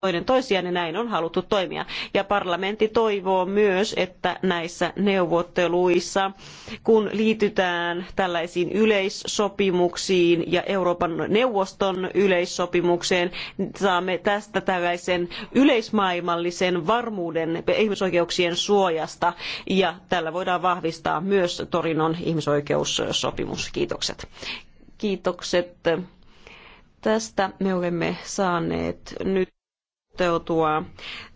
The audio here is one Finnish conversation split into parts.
toinen toisiaan ja näin on haluttu toimia. Ja parlamentti toivoo myös, että näissä neuvotteluissa, kun liitytään tällaisiin yleissopimuksiin ja Euroopan neuvoston yleissopimukseen, saamme tästä tällaisen yleismaailmallisen varmuuden ihmisoikeuksien suojasta ja tällä voidaan vahvistaa myös Torinon ihmisoikeussopimus. Kiitokset. Kiitokset. Tästä me olemme saaneet nyt toteutua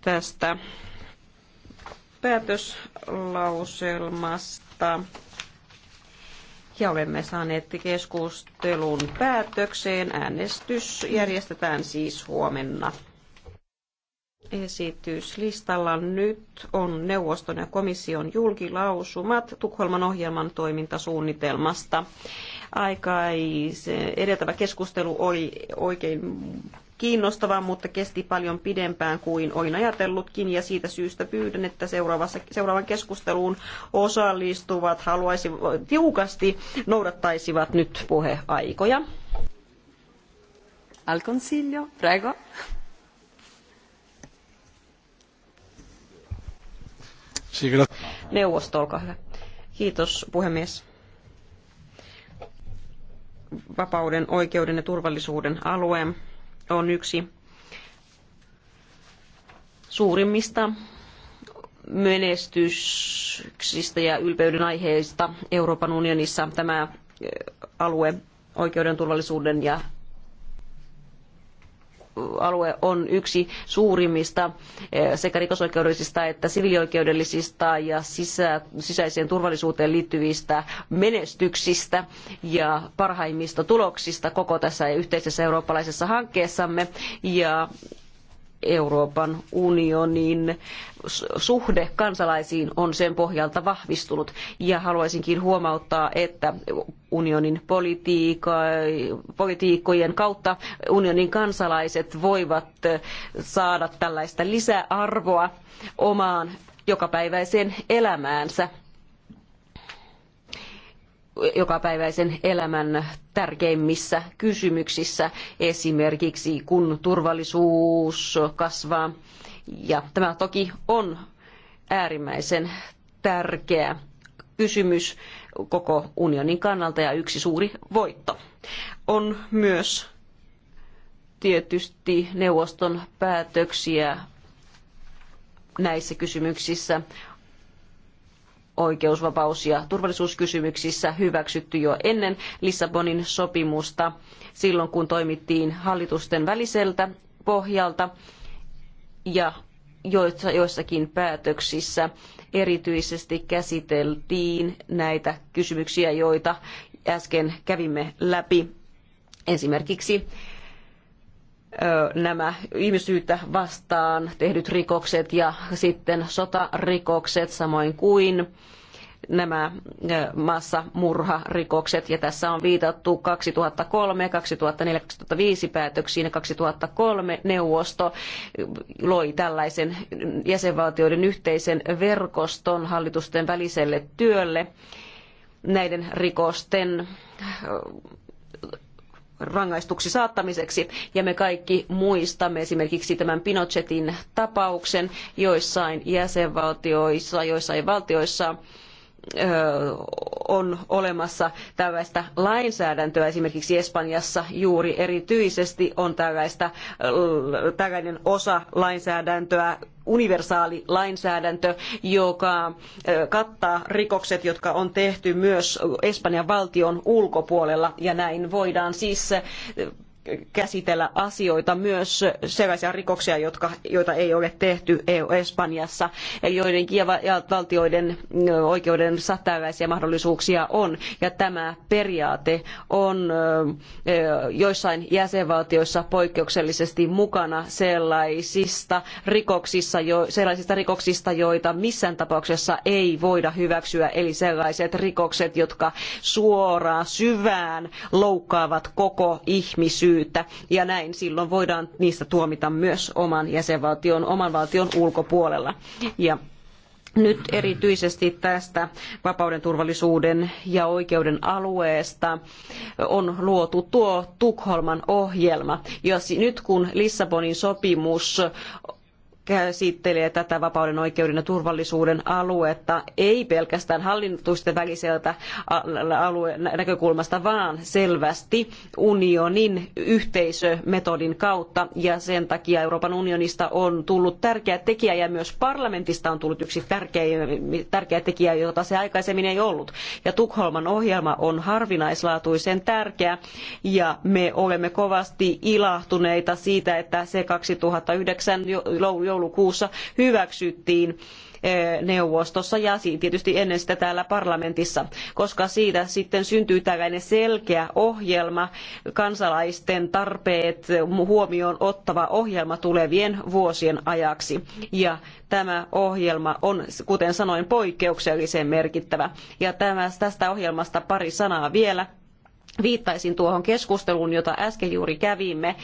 tästä päätöslauselmasta. Ja olemme saaneet keskustelun päätökseen. Äänestys järjestetään siis huomenna. Esityslistalla nyt on neuvoston ja komission julkilausumat Tukholman ohjelman toimintasuunnitelmasta. Aikaisen edeltävä keskustelu oli oikein kiinnostava, mutta kesti paljon pidempään kuin olin ajatellutkin ja siitä syystä pyydän, että seuraavassa, seuraavan keskusteluun osallistuvat haluaisi, tiukasti noudattaisivat nyt puheaikoja. Al consiglio, prego. Neuvosto, olkaa hyvä. Kiitos puhemies vapauden, oikeuden ja turvallisuuden alueen on yksi suurimmista menestyksistä ja ylpeyden aiheista Euroopan unionissa tämä alue oikeuden, turvallisuuden ja alue on yksi suurimmista eh, sekä rikosoikeudellisista että siviilioikeudellisista ja sisä, sisäiseen turvallisuuteen liittyvistä menestyksistä ja parhaimmista tuloksista koko tässä yhteisessä eurooppalaisessa hankkeessamme. Ja Euroopan unionin suhde kansalaisiin on sen pohjalta vahvistunut. Ja haluaisinkin huomauttaa, että unionin politiikkojen kautta unionin kansalaiset voivat saada tällaista lisäarvoa omaan jokapäiväiseen elämäänsä jokapäiväisen elämän tärkeimmissä kysymyksissä, esimerkiksi kun turvallisuus kasvaa. Ja tämä toki on äärimmäisen tärkeä kysymys koko unionin kannalta ja yksi suuri voitto. On myös tietysti neuvoston päätöksiä näissä kysymyksissä oikeusvapaus- ja turvallisuuskysymyksissä hyväksytty jo ennen Lissabonin sopimusta, silloin kun toimittiin hallitusten väliseltä pohjalta ja joissakin päätöksissä erityisesti käsiteltiin näitä kysymyksiä, joita äsken kävimme läpi. Esimerkiksi nämä ihmisyyttä vastaan tehdyt rikokset ja sitten sotarikokset, samoin kuin nämä massamurharikokset. Ja tässä on viitattu 2003, 2004, 2005 päätöksiin. 2003 neuvosto loi tällaisen jäsenvaltioiden yhteisen verkoston hallitusten väliselle työlle näiden rikosten rangaistuksi saattamiseksi. Ja me kaikki muistamme esimerkiksi tämän Pinochetin tapauksen joissain jäsenvaltioissa, joissain valtioissa on olemassa tällaista lainsäädäntöä. Esimerkiksi Espanjassa juuri erityisesti on tällaista, tällainen osa lainsäädäntöä universaali lainsäädäntö, joka kattaa rikokset, jotka on tehty myös Espanjan valtion ulkopuolella. Ja näin voidaan siis käsitellä asioita myös sellaisia rikoksia, jotka, joita ei ole tehty EU-Espanjassa. Eli joidenkin valtioiden oikeuden tällaisia mahdollisuuksia on. Ja tämä periaate on joissain jäsenvaltioissa poikkeuksellisesti mukana sellaisista rikoksista, jo, sellaisista rikoksista, joita missään tapauksessa ei voida hyväksyä. Eli sellaiset rikokset, jotka suoraan syvään loukkaavat koko ihmisyyttä syytä ja näin silloin voidaan niistä tuomita myös oman jäsenvaltion, oman valtion ulkopuolella. Ja nyt erityisesti tästä vapauden, turvallisuuden ja oikeuden alueesta on luotu tuo Tukholman ohjelma. Ja nyt kun Lissabonin sopimus käsittelee tätä vapauden, oikeuden ja turvallisuuden aluetta ei pelkästään hallitusten väliseltä alueen näkökulmasta, vaan selvästi unionin yhteisömetodin kautta. Ja sen takia Euroopan unionista on tullut tärkeä tekijä ja myös parlamentista on tullut yksi tärkeä, tärkeä tekijä, jota se aikaisemmin ei ollut. Ja Tukholman ohjelma on harvinaislaatuisen tärkeä ja me olemme kovasti ilahtuneita siitä, että se 2009 jo, joulukuussa hyväksyttiin eh, neuvostossa ja tietysti ennen sitä täällä parlamentissa, koska siitä sitten syntyy tällainen selkeä ohjelma, kansalaisten tarpeet huomioon ottava ohjelma tulevien vuosien ajaksi. Ja tämä ohjelma on, kuten sanoin, poikkeuksellisen merkittävä. Ja tästä ohjelmasta pari sanaa vielä viittaisin tuohon keskusteluun, jota äsken juuri kävimme.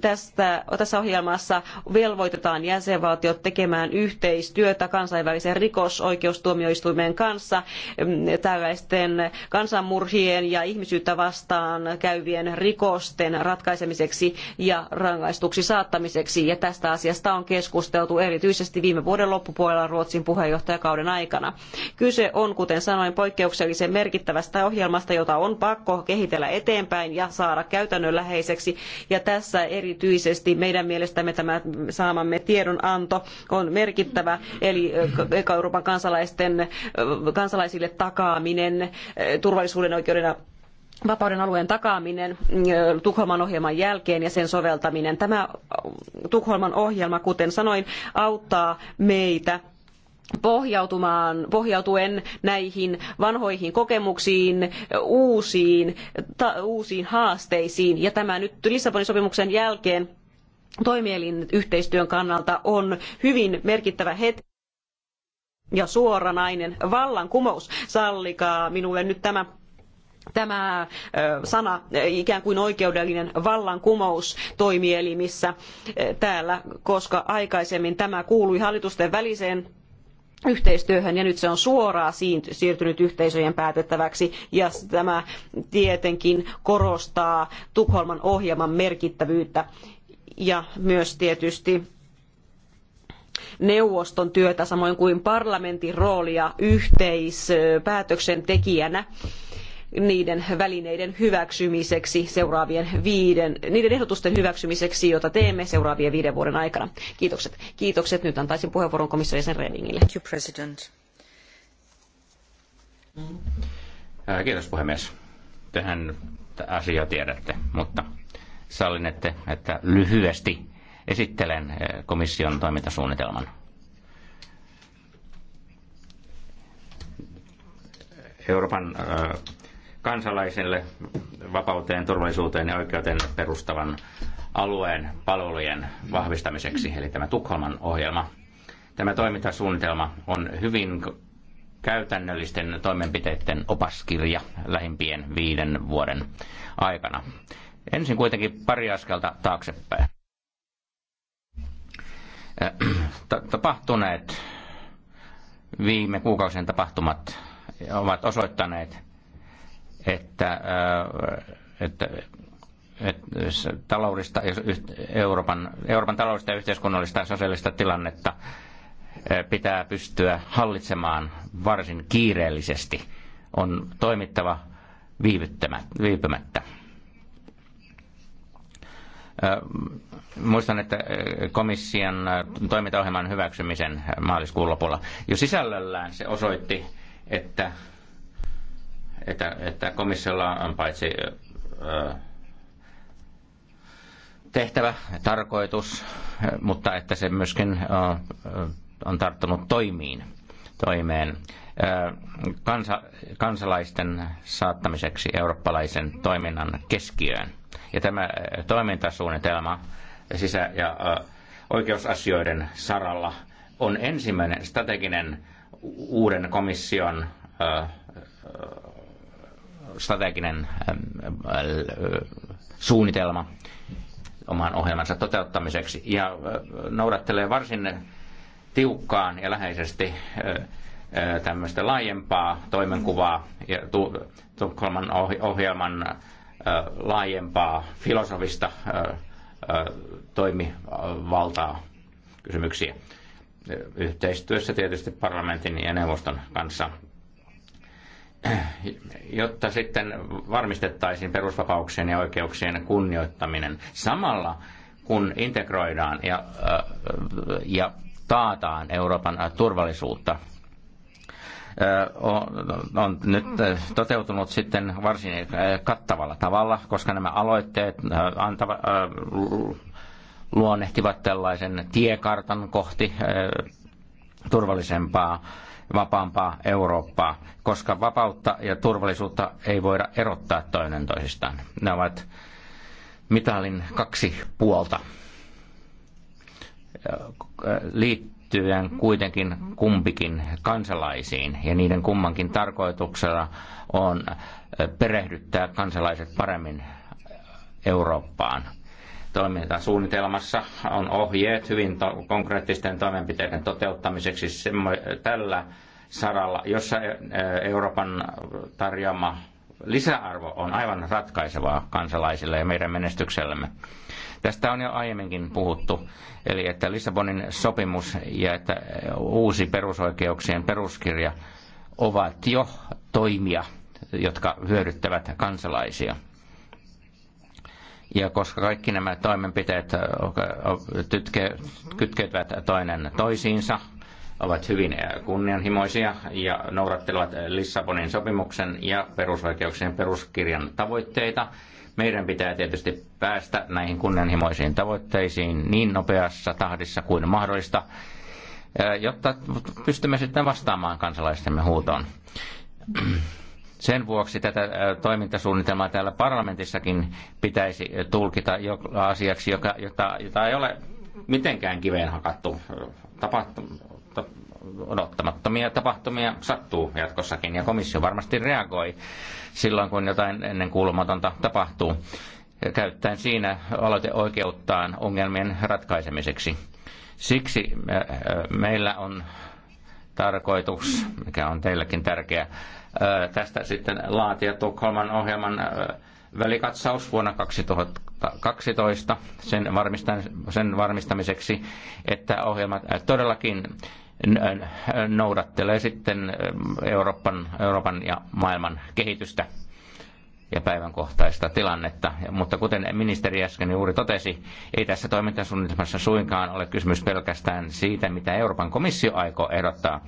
Tästä, tässä ohjelmassa velvoitetaan jäsenvaltiot tekemään yhteistyötä kansainvälisen rikosoikeustuomioistuimen kanssa mm, tällaisten kansanmurhien ja ihmisyyttä vastaan käyvien rikosten ratkaisemiseksi ja rangaistuksi saattamiseksi. Ja tästä asiasta on keskusteltu erityisesti viime vuoden loppupuolella Ruotsin puheenjohtajakauden aikana. Kyse on, kuten sanoin, poikkeuksellisen merkittävästä ohjelmasta, jota on pakko kehitellä käsitellä eteenpäin ja saada käytännönläheiseksi. Ja tässä erityisesti meidän mielestämme tämä saamamme tiedonanto on merkittävä, eli Euroopan kansalaisten, kansalaisille takaaminen turvallisuuden oikeudena vapauden alueen takaaminen Tukholman ohjelman jälkeen ja sen soveltaminen. Tämä Tukholman ohjelma, kuten sanoin, auttaa meitä pohjautumaan, pohjautuen näihin vanhoihin kokemuksiin, uusiin, ta, uusiin haasteisiin. Ja tämä nyt Lissabonin sopimuksen jälkeen toimielin yhteistyön kannalta on hyvin merkittävä hetki ja suoranainen vallankumous. Sallikaa minulle nyt tämä tämä sana, ikään kuin oikeudellinen vallankumous toimielimissä täällä, koska aikaisemmin tämä kuului hallitusten väliseen yhteistyöhön ja nyt se on suoraan siirtynyt yhteisöjen päätettäväksi ja tämä tietenkin korostaa Tukholman ohjelman merkittävyyttä ja myös tietysti neuvoston työtä samoin kuin parlamentin roolia yhteispäätöksentekijänä. tekijänä niiden välineiden hyväksymiseksi seuraavien viiden, niiden ehdotusten hyväksymiseksi, joita teemme seuraavien viiden vuoden aikana. Kiitokset. Kiitokset. Nyt antaisin puheenvuoron komission jäsen Redingille. Äh, kiitos puhemies. Tähän asiaa tiedätte, mutta sallin, että, että lyhyesti esittelen äh, komission toimintasuunnitelman. Euroopan äh, kansalaisille vapauteen, turvallisuuteen ja oikeuteen perustavan alueen palvelujen vahvistamiseksi, eli tämä Tukholman ohjelma. Tämä toimintasuunnitelma on hyvin käytännöllisten toimenpiteiden opaskirja lähimpien viiden vuoden aikana. Ensin kuitenkin pari askelta taaksepäin. Äh, tapahtuneet viime kuukausien tapahtumat ovat osoittaneet, että, että että taloudista, Euroopan, Euroopan taloudista ja yhteiskunnallista ja sosiaalista tilannetta pitää pystyä hallitsemaan varsin kiireellisesti. On toimittava viipymättä. Muistan, että komission toimintaohjelman hyväksymisen maaliskuun lopulla jo sisällöllään se osoitti, että että, että komissiolla on paitsi tehtävä, tarkoitus, mutta että se myöskin on tarttunut toimiin, toimeen kansa, kansalaisten saattamiseksi eurooppalaisen toiminnan keskiöön. Ja tämä toimintasuunnitelma sisä- ja oikeusasioiden saralla on ensimmäinen strateginen uuden komission strateginen suunnitelma oman ohjelmansa toteuttamiseksi ja noudattelee varsin tiukkaan ja läheisesti tämmöistä laajempaa toimenkuvaa ja Tukholman ohjelman laajempaa filosofista toimivaltaa kysymyksiä yhteistyössä tietysti parlamentin ja neuvoston kanssa jotta sitten varmistettaisiin perusvapauksien ja oikeuksien kunnioittaminen. Samalla kun integroidaan ja, äh, ja taataan Euroopan turvallisuutta, äh, on nyt toteutunut sitten varsin kattavalla tavalla, koska nämä aloitteet äh, antava, luonnehtivat tällaisen tiekartan kohti turvallisempaa vapaampaa Eurooppaa, koska vapautta ja turvallisuutta ei voida erottaa toinen toisistaan. Ne ovat mitalin kaksi puolta liittyen kuitenkin kumpikin kansalaisiin ja niiden kummankin tarkoituksena on perehdyttää kansalaiset paremmin Eurooppaan toimintasuunnitelmassa on ohjeet hyvin to- konkreettisten toimenpiteiden toteuttamiseksi tällä saralla, jossa e, e, Euroopan tarjoama lisäarvo on aivan ratkaisevaa kansalaisille ja meidän menestyksellemme. Tästä on jo aiemminkin puhuttu, eli että Lissabonin sopimus ja että uusi perusoikeuksien peruskirja ovat jo toimia, jotka hyödyttävät kansalaisia. Ja koska kaikki nämä toimenpiteet tytke, kytkeytyvät toinen toisiinsa, ovat hyvin kunnianhimoisia ja noudattelevat Lissabonin sopimuksen ja perusoikeuksien peruskirjan tavoitteita. Meidän pitää tietysti päästä näihin kunnianhimoisiin tavoitteisiin niin nopeassa tahdissa kuin mahdollista, jotta pystymme sitten vastaamaan kansalaistemme huutoon. Sen vuoksi tätä toimintasuunnitelmaa täällä parlamentissakin pitäisi tulkita asiaksi, joka, jota, jota ei ole mitenkään kiveen hakattu. Tapahtum, ta, odottamattomia tapahtumia sattuu jatkossakin ja komissio varmasti reagoi silloin, kun jotain ennen kuulumatonta tapahtuu käyttäen siinä aloiteoikeuttaan ongelmien ratkaisemiseksi. Siksi meillä on tarkoitus, mikä on teillekin tärkeä, tästä sitten laatia Tukholman ohjelman välikatsaus vuonna 2012 sen, sen varmistamiseksi, että ohjelmat todellakin noudattelee sitten Euroopan, Euroopan ja maailman kehitystä ja päivänkohtaista tilannetta. Mutta kuten ministeri äsken juuri totesi, ei tässä toimintasuunnitelmassa suinkaan ole kysymys pelkästään siitä, mitä Euroopan komissio aikoo ehdottaa,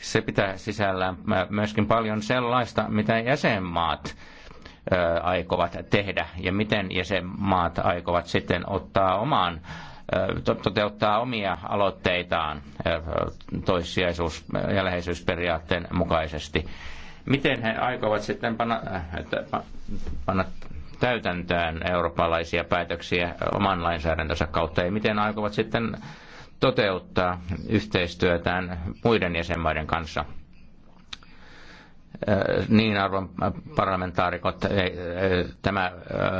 se pitää sisällään äh, myöskin paljon sellaista, mitä jäsenmaat äh, aikovat tehdä ja miten jäsenmaat aikovat sitten ottaa omaan äh, toteuttaa omia aloitteitaan toissijaisuus- ja läheisyysperiaatteen mukaisesti. Miten he aikovat sitten panna, panna täytäntöön eurooppalaisia päätöksiä oman lainsäädäntönsä kautta ja miten aikovat sitten toteuttaa yhteistyötään muiden jäsenmaiden kanssa. Äh, niin arvon parlamentaarikot, äh, tämä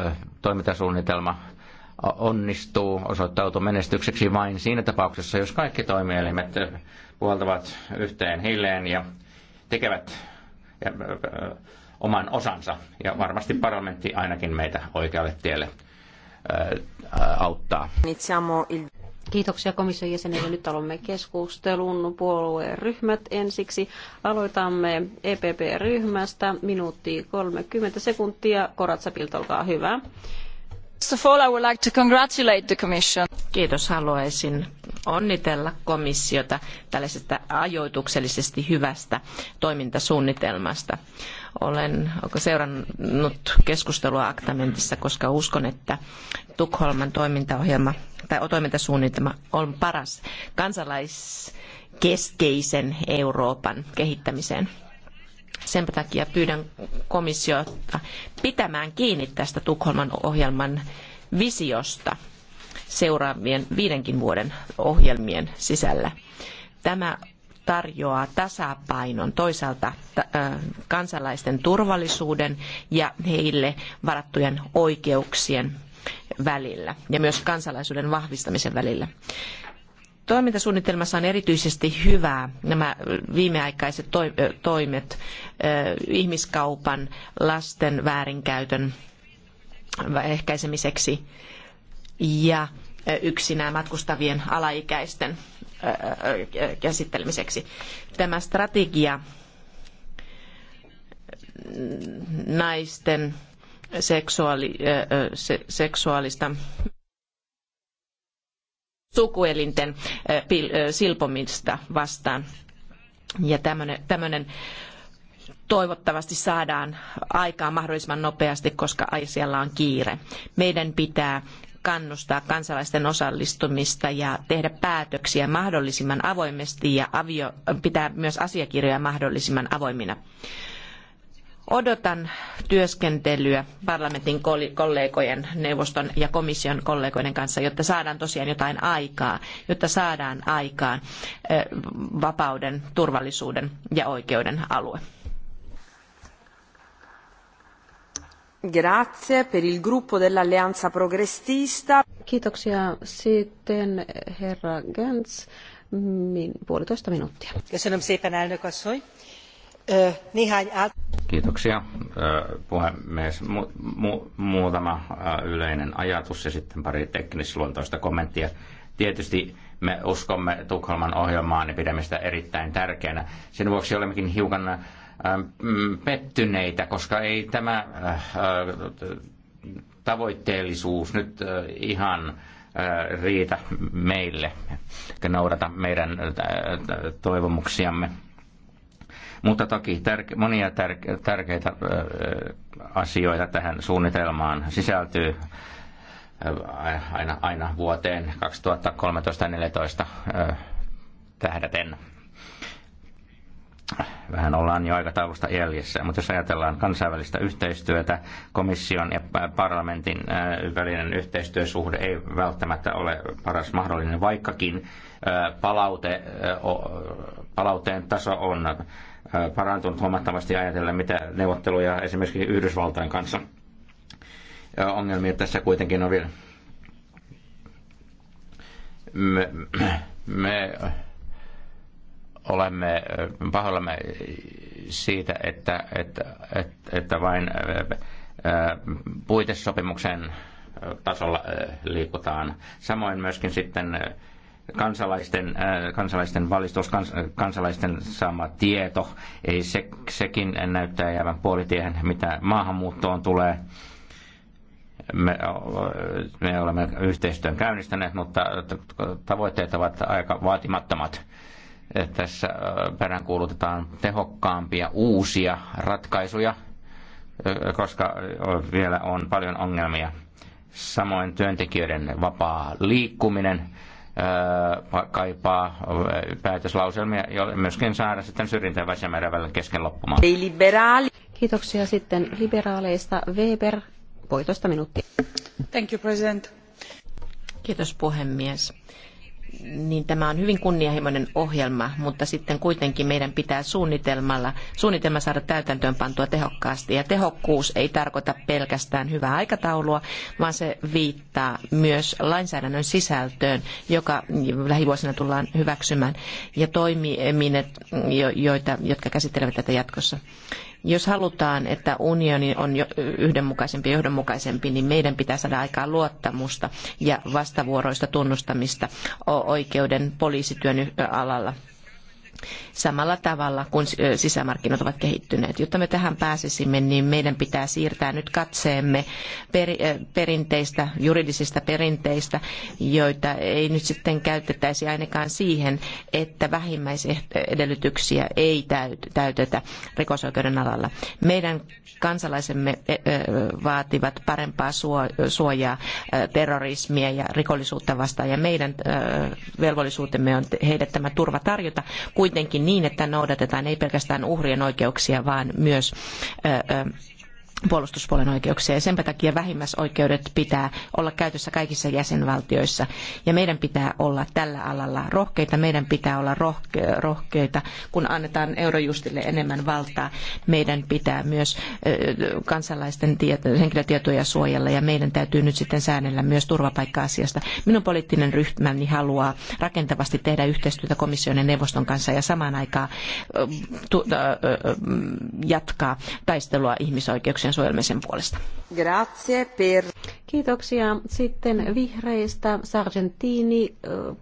äh, toimintasuunnitelma onnistuu, osoittautuu menestykseksi vain siinä tapauksessa, jos kaikki toimielimet puoltavat yhteen hilleen ja tekevät oman osansa. Ja varmasti parlamentti ainakin meitä oikealle tielle auttaa. Kiitoksia komission jäsenille. Nyt aloimme keskustelun puolueen ryhmät ensiksi. Aloitamme EPP-ryhmästä. Minuutti 30 sekuntia. Koratsapilta, olkaa hyvä. Kiitos. Haluaisin onnitella komissiota tällaisesta ajoituksellisesti hyvästä toimintasuunnitelmasta. Olen seurannut keskustelua Aktamentissa, koska uskon, että Tukholman toimintaohjelma tai toimintasuunnitelma on paras kansalaiskeskeisen Euroopan kehittämiseen. Sen takia pyydän komissiota pitämään kiinni tästä Tukholman ohjelman visiosta seuraavien viidenkin vuoden ohjelmien sisällä. Tämä tarjoaa tasapainon toisaalta äh, kansalaisten turvallisuuden ja heille varattujen oikeuksien välillä ja myös kansalaisuuden vahvistamisen välillä. Toimintasuunnitelmassa on erityisesti hyvää nämä viimeaikaiset toimet ihmiskaupan, lasten väärinkäytön ehkäisemiseksi ja yksinään matkustavien alaikäisten käsittelemiseksi. Tämä strategia naisten seksuaali, seksuaalista sukuelinten silpomista vastaan. Ja tämmöinen, toivottavasti saadaan aikaan mahdollisimman nopeasti, koska asialla on kiire. Meidän pitää kannustaa kansalaisten osallistumista ja tehdä päätöksiä mahdollisimman avoimesti ja avio, pitää myös asiakirjoja mahdollisimman avoimina. Odotan työskentelyä parlamentin kollegojen, neuvoston ja komission kollegoiden kanssa, jotta saadaan tosiaan jotain aikaa, jotta saadaan aikaan vapauden, turvallisuuden ja oikeuden alue. Grazie per il gruppo dell'Alleanza Progressista. Kiitoksia sitten herra Gantz, puolitoista minuuttia. Köszönöm szépen, elnök asszony Nihány Kiitoksia puhemies. Mu- mu- muutama yleinen ajatus ja sitten pari teknisluontoista kommenttia. Tietysti me uskomme Tukholman ohjelmaan ja pidämme sitä erittäin tärkeänä. Sen vuoksi olemmekin hiukan pettyneitä, koska ei tämä tavoitteellisuus nyt ihan riitä meille, eikä noudata meidän toivomuksiamme mutta toki tärke, monia tärke, tärkeitä asioita tähän suunnitelmaan sisältyy aina, aina vuoteen 2013-2014 tähdäten. Vähän ollaan jo aikataulusta jäljessä, mutta jos ajatellaan kansainvälistä yhteistyötä, komission ja parlamentin välinen yhteistyösuhde ei välttämättä ole paras mahdollinen, vaikkakin palaute, palauteen taso on parantunut huomattavasti ajatellen, mitä neuvotteluja esimerkiksi Yhdysvaltain kanssa ongelmia tässä kuitenkin on vielä. Me, me olemme pahoillamme siitä, että, että, että, että vain puitesopimuksen tasolla liikutaan. Samoin myöskin sitten kansalaisten, äh, kansalaisten valistus, kans, kansalaisten sama tieto, ei se, sekin näyttää jäävän puolitiehen, mitä maahanmuuttoon tulee. Me, me olemme yhteistyön käynnistäneet, mutta tavoitteet ovat aika vaatimattomat. Tässä peräänkuulutetaan tehokkaampia uusia ratkaisuja, koska vielä on paljon ongelmia. Samoin työntekijöiden vapaa liikkuminen kaipaa päätöslauselmia ja myöskin saada sitten syrjintä väsämärävällä kesken loppumaan. Liberaali. Kiitoksia sitten liberaaleista. Weber, puolitoista minuuttia. Thank you, President. Kiitos puhemies niin tämä on hyvin kunnianhimoinen ohjelma, mutta sitten kuitenkin meidän pitää suunnitelmalla, suunnitelma saada täytäntöön pantua tehokkaasti. Ja tehokkuus ei tarkoita pelkästään hyvää aikataulua, vaan se viittaa myös lainsäädännön sisältöön, joka lähivuosina tullaan hyväksymään, ja toimiminet, joita, jotka käsittelevät tätä jatkossa. Jos halutaan, että unioni on yhdenmukaisempi ja johdonmukaisempi, niin meidän pitää saada aikaan luottamusta ja vastavuoroista tunnustamista oikeuden poliisityön alalla samalla tavalla kuin sisämarkkinat ovat kehittyneet. Jotta me tähän pääsisimme, niin meidän pitää siirtää nyt katseemme perinteistä, juridisista perinteistä, joita ei nyt sitten käytettäisi ainakaan siihen, että vähimmäisedellytyksiä ei täytetä rikosoikeuden alalla. Meidän kansalaisemme e, vaativat parempaa suojaa terrorismia ja rikollisuutta vastaan, ja meidän velvollisuutemme on heille tämä turva tarjota, kuitenkin niin, että noudatetaan ei pelkästään uhrien oikeuksia, vaan myös puolustuspuolen oikeuksia ja sen takia vähimmäisoikeudet pitää olla käytössä kaikissa jäsenvaltioissa ja meidän pitää olla tällä alalla rohkeita, meidän pitää olla rohkeita, kun annetaan Eurojustille enemmän valtaa. Meidän pitää myös kansalaisten tieto, henkilötietoja suojella ja meidän täytyy nyt sitten säännellä myös turvapaikka-asiasta. Minun poliittinen ryhmäni haluaa rakentavasti tehdä yhteistyötä komission ja neuvoston kanssa ja samaan aikaan jatkaa taistelua ihmisoikeuksien oikeuksien suojelmisen puolesta. Grazie per... Kiitoksia. Sitten vihreistä Sargentini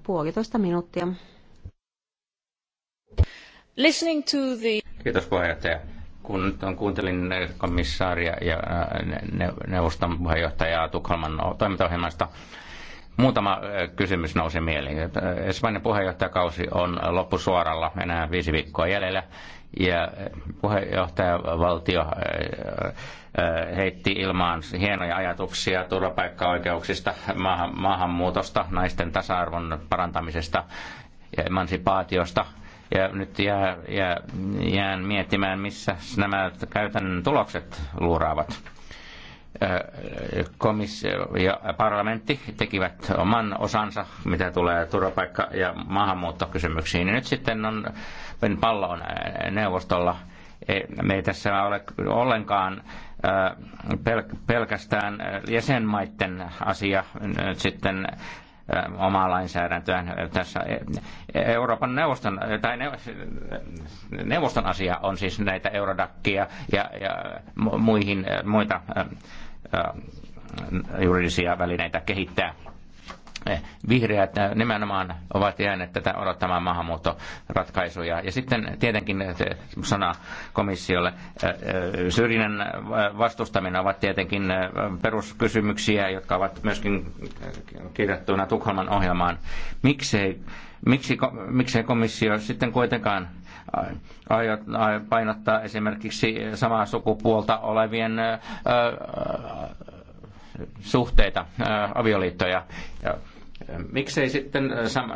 puolitoista minuuttia. Listening to the... Kiitos puheenjohtaja kun nyt kuuntelin komissaaria ja neuvoston puheenjohtajaa Tukholman toimintaohjelmasta, muutama kysymys nousi mieleen. Espanjan puheenjohtajakausi on loppusuoralla enää viisi viikkoa jäljellä ja eh, puheenjohtajavaltio eh, eh, heitti ilmaan hienoja ajatuksia turvapaikkaoikeuksista, maahanmuutosta, naisten tasa-arvon parantamisesta ja emansipaatiosta. Ja nyt jää, jää, jään miettimään, missä nämä käytännön tulokset luuraavat komissio ja parlamentti tekivät oman osansa, mitä tulee turvapaikka- ja maahanmuuttokysymyksiin. Ja nyt sitten on pallon neuvostolla. E, me ei tässä ole ollenkaan pelkästään jäsenmaiden asia nyt sitten omaa lainsäädäntöä Tässä e, Euroopan neuvoston, tai neuvoston asia on siis näitä Eurodakkia ja, ja muihin, muita juridisia välineitä kehittää vihreät nimenomaan ovat jääneet tätä odottamaan maahanmuuttoratkaisuja. Ja sitten tietenkin sana komissiolle. Syrjinnän vastustaminen ovat tietenkin peruskysymyksiä, jotka ovat myöskin kirjattuina Tukholman ohjelmaan. Miksei, miksi, miksei komissio sitten kuitenkaan painottaa esimerkiksi samaa sukupuolta olevien suhteita, avioliittoja. Miksei sitten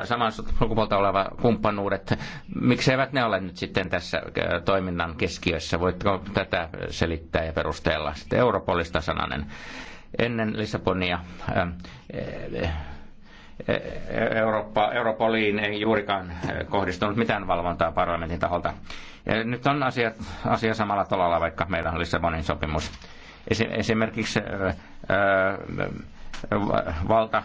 saman sukupuolta oleva kumppanuudet, mikseivät ne ole nyt sitten tässä toiminnan keskiössä? Voitko tätä selittää ja perustella? Sitten Europolista sananen ennen Lissabonia E, e, Eurooppa, Europoliin ei juurikaan e, kohdistunut mitään valvontaa parlamentin taholta. Nyt on asia, asia samalla tolalla, vaikka meillä on Lissabonin sopimus. Esimerkiksi ää, valta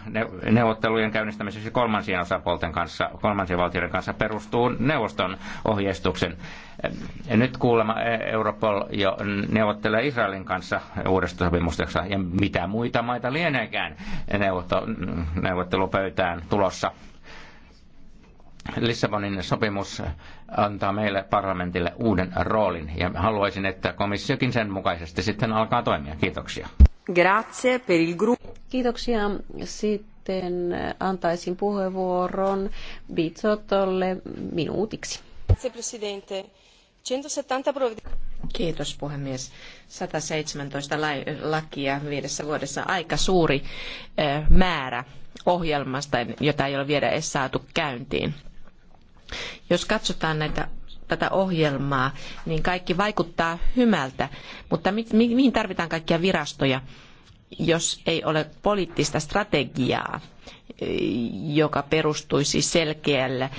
neuvottelujen käynnistämiseksi kolmansien osapuolten kanssa, kolmansien valtioiden kanssa perustuu neuvoston ohjeistuksen. Nyt kuulemma Europol jo neuvottelee Israelin kanssa uudesta sopimuksesta ja mitä muita maita lieneekään neuvottelupöytään tulossa. Lissabonin sopimus antaa meille parlamentille uuden roolin ja haluaisin, että komissiokin sen mukaisesti sitten alkaa toimia. Kiitoksia. Kiitoksia. Sitten antaisin puheenvuoron Bitsotolle minuutiksi. Grazie, 170 Kiitos puhemies. 117 lakia viidessä vuodessa aika suuri eh, määrä ohjelmasta, jota ei ole vielä edes saatu käyntiin. Jos katsotaan näitä tätä ohjelmaa, niin kaikki vaikuttaa hymältä, mutta mi- mi- mihin tarvitaan kaikkia virastoja, jos ei ole poliittista strategiaa, e, joka perustuisi selkeälle e,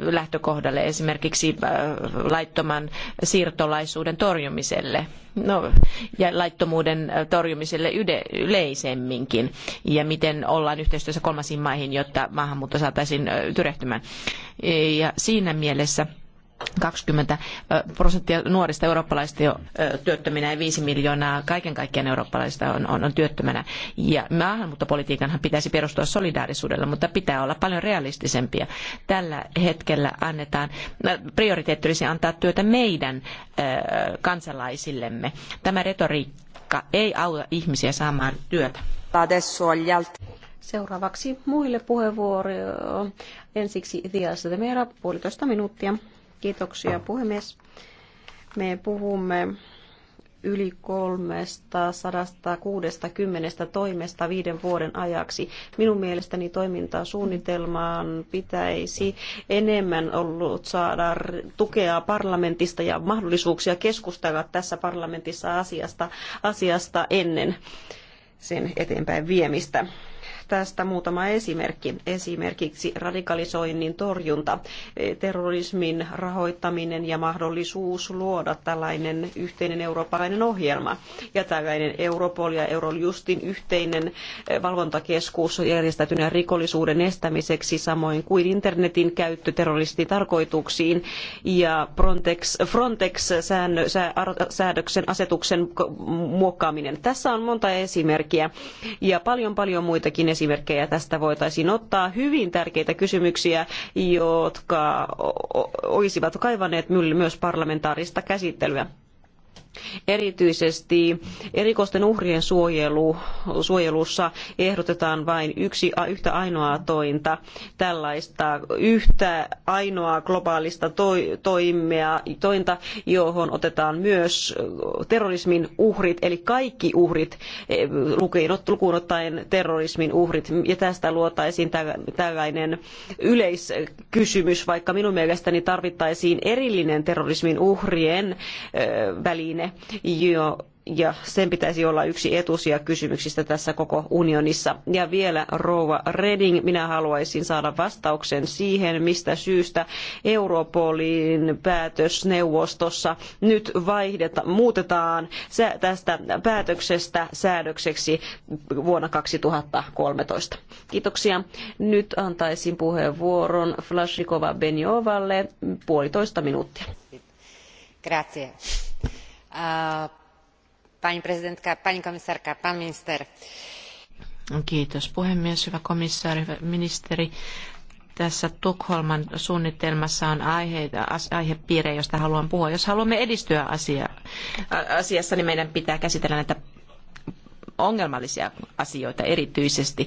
lähtökohdalle esimerkiksi e, laittoman siirtolaisuuden torjumiselle no, ja laittomuuden torjumiselle yleisemminkin ja miten ollaan yhteistyössä kolmansiin maihin, jotta maahanmuutto saataisiin tyrehtymään. Ja siinä mielessä 20 prosenttia nuorista eurooppalaisista jo työttöminä ja 5 miljoonaa kaiken kaikkiaan eurooppalaisista on, on, on työttömänä. Ja maahanmuuttopolitiikanhan pitäisi perustua solidaarisuudelle, mutta pitää olla paljon realistisempia. Tällä hetkellä annetaan, prioriteetti olisi antaa työtä meidän kansalaisillemme. Tämä retoriikka ei auta ihmisiä saamaan työtä. Seuraavaksi muille puheenvuoroille. Ensiksi Dias de Mera, puolitoista minuuttia. Kiitoksia puhemies. Me puhumme yli 360 toimesta viiden vuoden ajaksi. Minun mielestäni toimintasuunnitelmaan pitäisi enemmän ollut saada tukea parlamentista ja mahdollisuuksia keskustella tässä parlamentissa asiasta, asiasta ennen sen eteenpäin viemistä. Tästä muutama esimerkki. Esimerkiksi radikalisoinnin torjunta, e, terrorismin rahoittaminen ja mahdollisuus luoda tällainen yhteinen eurooppalainen ohjelma ja tällainen Europol ja Eurojustin yhteinen e, valvontakeskus järjestäytyneen rikollisuuden estämiseksi, samoin kuin internetin käyttö terroristitarkoituksiin ja Frontex, Frontex säädöksen asetuksen muokkaaminen. Tässä on monta esimerkkiä ja paljon paljon muitakin esimerkkejä tästä voitaisiin ottaa. Hyvin tärkeitä kysymyksiä, jotka olisivat kaivaneet myös parlamentaarista käsittelyä. Erityisesti erikoisten uhrien suojelu, suojelussa ehdotetaan vain yksi, yhtä ainoaa tointa, tällaista yhtä ainoaa globaalista toi, toimea, tointa, johon otetaan myös terrorismin uhrit, eli kaikki uhrit, lukuun ottaen terrorismin uhrit, ja tästä luotaisiin tällainen yleiskysymys, vaikka minun mielestäni tarvittaisiin erillinen terrorismin uhrien väline, tilanne, jo, ja sen pitäisi olla yksi etusia kysymyksistä tässä koko unionissa. Ja vielä Rouva Reding, minä haluaisin saada vastauksen siihen, mistä syystä Europolin päätösneuvostossa nyt vaihdeta, muutetaan tästä päätöksestä säädökseksi vuonna 2013. Kiitoksia. Nyt antaisin puheenvuoron Flashikova Benjovalle puolitoista minuuttia. Grazie pani presidentka, pani komisarka, pan minister. Kiitos puhemies, hyvä komissaari, hyvä ministeri. Tässä Tukholman suunnitelmassa on aiheita, aihepiirejä, joista haluan puhua. Jos haluamme edistyä asia, asiassa, niin meidän pitää käsitellä näitä ongelmallisia asioita erityisesti.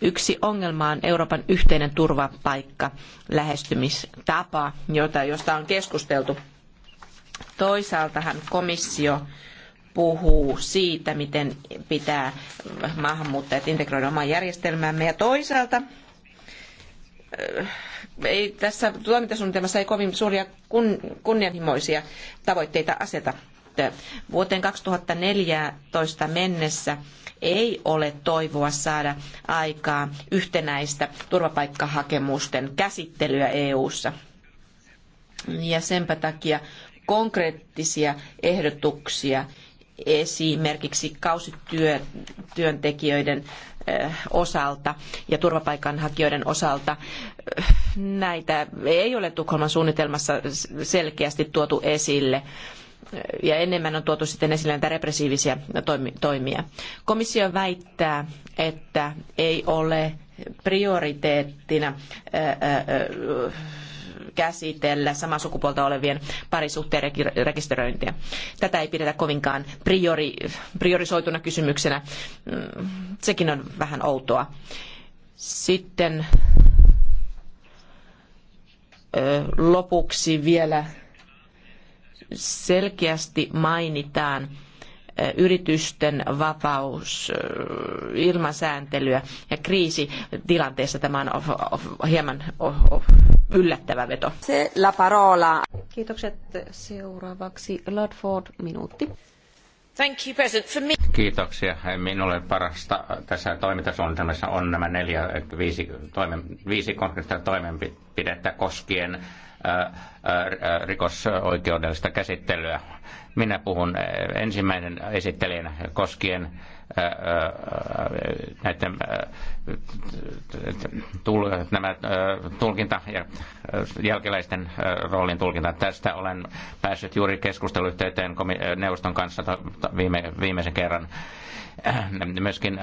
Yksi ongelma on Euroopan yhteinen turvapaikka lähestymistapa, jota, josta on keskusteltu Toisaaltahan komissio puhuu siitä, miten pitää maahanmuuttajat integroida omaan järjestelmäämme. Ja toisaalta eh, ei tässä toimintasuunnitelmassa ei kovin suuria kun, kunnianhimoisia tavoitteita aseta. Vuoteen 2014 mennessä ei ole toivoa saada aikaan yhtenäistä turvapaikkahakemusten käsittelyä EU:ssa. Ja senpä takia konkreettisia ehdotuksia esimerkiksi kausityöntekijöiden eh, osalta ja turvapaikanhakijoiden osalta. Näitä ei ole Tukholman suunnitelmassa selkeästi tuotu esille ja enemmän on tuotu sitten esille näitä repressiivisiä toimia. Komissio väittää, että ei ole prioriteettina eh, eh, käsitellä samaa sukupuolta olevien parisuhteen rekisteröintiä. Tätä ei pidetä kovinkaan priori, priorisoituna kysymyksenä. Mm, sekin on vähän outoa. Sitten lopuksi vielä selkeästi mainitaan yritysten vapaus ilman sääntelyä ja kriisitilanteessa tämä on hieman yllättävä veto. Se la parola. Kiitokset. Seuraavaksi Ludford, minuutti. Thank you, President. For me... Kiitoksia. Minulle parasta tässä toimintasuunnitelmassa on nämä neljä, viisi, toimen, viisi konkreettista toimenpidettä koskien rikosoikeudellista käsittelyä. Minä puhun ensimmäinen esittelijän koskien näiden tul, nämä tulkinta ja jälkeläisten roolin tulkinta. Tästä olen päässyt juuri keskusteluyhteyteen neuvoston kanssa viime, viimeisen kerran. Myöskin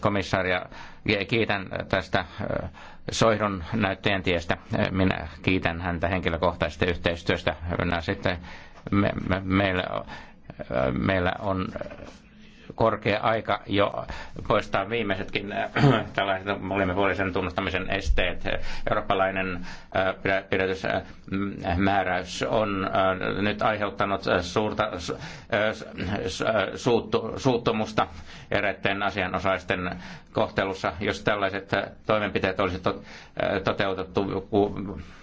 komissaaria kiitän tästä Soihdon näyttäjän tiestä. Minä kiitän häntä henkilökohtaisesta yhteistyöstä. Minä sitten me, me, meillä, meillä on korkea aika jo poistaa viimeisetkin äh, tällaiset molemminpuolisen äh, tunnustamisen esteet. Eurooppalainen äh, pidätysmääräys on nyt aiheuttanut suurta suuttu, suuttumusta eräiden asianosaisten kohtelussa. Jos tällaiset toimenpiteet olisi toteutettu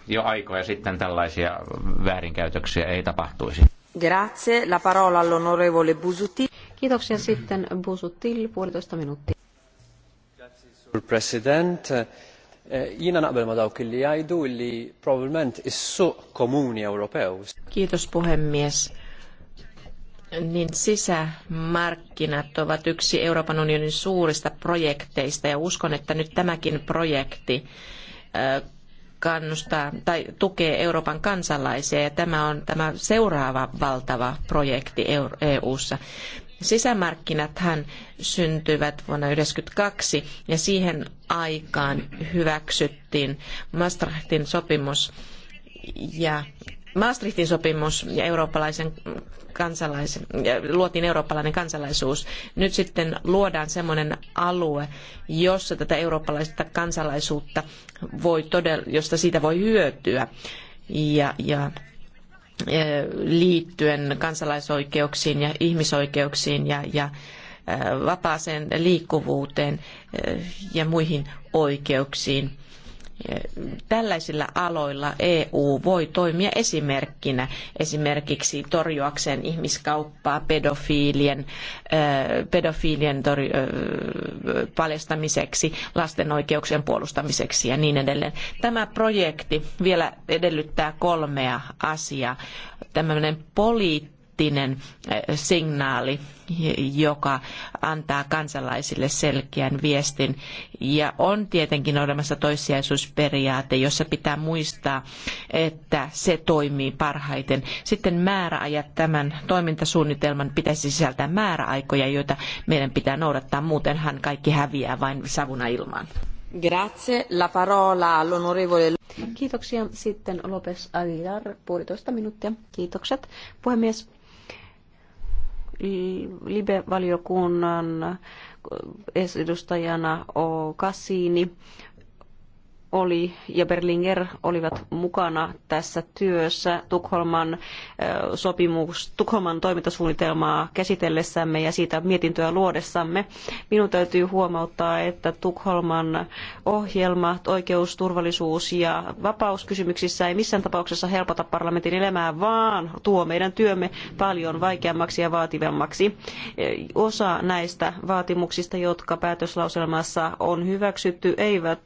jo aikoja sitten, tällaisia väärinkäytöksiä ei tapahtuisi. Grazie. La parola all'onorevole Busutti. Kiitoksia sitten Till, puolitoista minuuttia. President, eh, Kiitos puhemies. Niin sisämarkkinat ovat yksi Euroopan unionin suurista projekteista ja uskon, että nyt tämäkin projekti eh, kannustaa tai tukee Euroopan kansalaisia ja tämä on tämä seuraava valtava projekti EU:ssa. E Sisämarkkinathan syntyvät vuonna 1992 ja siihen aikaan hyväksyttiin Maastrichtin sopimus ja Maastrichtin sopimus ja eurooppalaisen kansalaisen, luotiin eurooppalainen kansalaisuus. Nyt sitten luodaan semmoinen alue, jossa tätä eurooppalaista kansalaisuutta voi todella, josta siitä voi hyötyä. Ja, ja liittyen kansalaisoikeuksiin ja ihmisoikeuksiin ja, ja vapaaseen liikkuvuuteen ja muihin oikeuksiin Tällaisilla aloilla EU voi toimia esimerkkinä, esimerkiksi torjuakseen ihmiskauppaa, pedofiilien, pedofiilien torju, paljastamiseksi, lasten oikeuksien puolustamiseksi ja niin edelleen. Tämä projekti vielä edellyttää kolmea asiaa. Tämmöinen poliittinen poliittinen eh, signaali, joka antaa kansalaisille selkeän viestin. Ja on tietenkin olemassa toissijaisuusperiaate, jossa pitää muistaa, että se toimii parhaiten. Sitten määräajat tämän toimintasuunnitelman pitäisi sisältää määräaikoja, joita meidän pitää noudattaa, muutenhan kaikki häviää vain savuna ilmaan. Grazie. La parola all'onorevole... Kiitoksia. Sitten Lopes Aguilar, puolitoista minuuttia. Kiitokset. Puhemies, Libe-valiokunnan edustajana o Cassini oli ja Berlinger olivat mukana tässä työssä Tukholman, sopimus, Tukholman toimintasuunnitelmaa käsitellessämme ja siitä mietintöä luodessamme. Minun täytyy huomauttaa, että Tukholman ohjelma oikeus, turvallisuus ja vapauskysymyksissä ei missään tapauksessa helpota parlamentin elämää, vaan tuo meidän työmme paljon vaikeammaksi ja vaativammaksi. Osa näistä vaatimuksista, jotka päätöslauselmassa on hyväksytty, eivät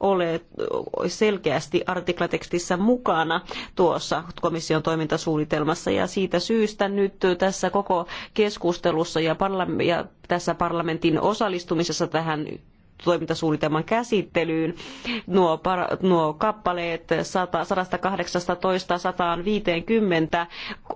ole selkeästi artiklatekstissä mukana tuossa komission toimintasuunnitelmassa ja siitä syystä nyt tässä koko keskustelussa ja, parla- ja tässä parlamentin osallistumisessa tähän toimintasuunnitelman käsittelyyn. Nuo, nuo kappaleet 118-150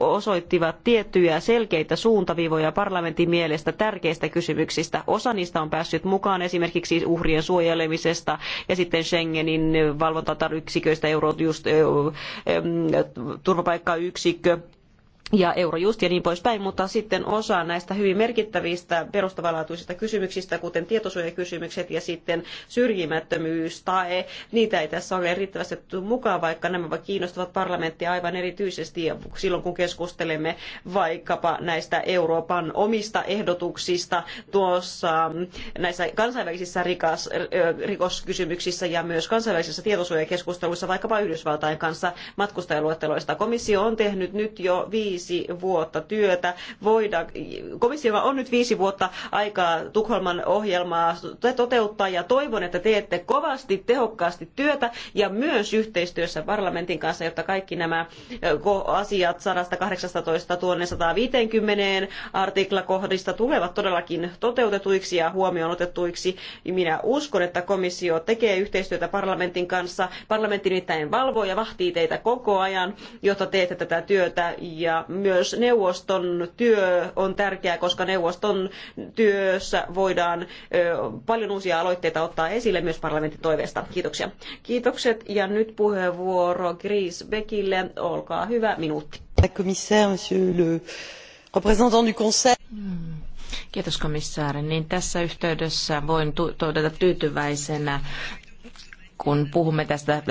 osoittivat tiettyjä selkeitä suuntaviivoja parlamentin mielestä tärkeistä kysymyksistä. Osa niistä on päässyt mukaan esimerkiksi uhrien suojelemisesta ja sitten Schengenin valvontatayksiköistä, Eurojust, mm, turvapaikkayksikkö ja Eurojust ja niin poispäin, mutta sitten osa näistä hyvin merkittävistä perustavanlaatuisista kysymyksistä, kuten tietosuojakysymykset ja sitten syrjimättömyys tai niitä ei tässä ole riittävästi otettu mukaan, vaikka nämä kiinnostavat parlamenttia aivan erityisesti ja silloin kun keskustelemme vaikkapa näistä Euroopan omista ehdotuksista tuossa mm, näissä kansainvälisissä rikas, rikoskysymyksissä ja myös kansainvälisissä tietosuojakeskusteluissa vaikkapa Yhdysvaltain kanssa matkustajaluetteloista. Komissio on tehnyt nyt jo viisi viisi vuotta työtä. Voida, komissiolla on nyt viisi vuotta aikaa Tukholman ohjelmaa toteuttaa ja toivon, että teette kovasti, tehokkaasti työtä ja myös yhteistyössä parlamentin kanssa, jotta kaikki nämä asiat 118 tuonne 150 artiklakohdista tulevat todellakin toteutetuiksi ja huomioon otetuiksi. Minä uskon, että komissio tekee yhteistyötä parlamentin kanssa. Parlamentti nimittäin valvoo ja vahtii teitä koko ajan, jotta teette tätä työtä ja myös neuvoston työ on tärkeää, koska neuvoston työssä voidaan paljon uusia aloitteita ottaa esille myös parlamentin toiveesta. Kiitoksia. Kiitokset ja nyt puheenvuoro Chris Beckille. Olkaa hyvä, minuutti. Commissaire, monsieur le représentant du conseil. Hmm. Kiitos komissaari. Niin tässä yhteydessä voin todeta tyytyväisenä kun puhumme tästä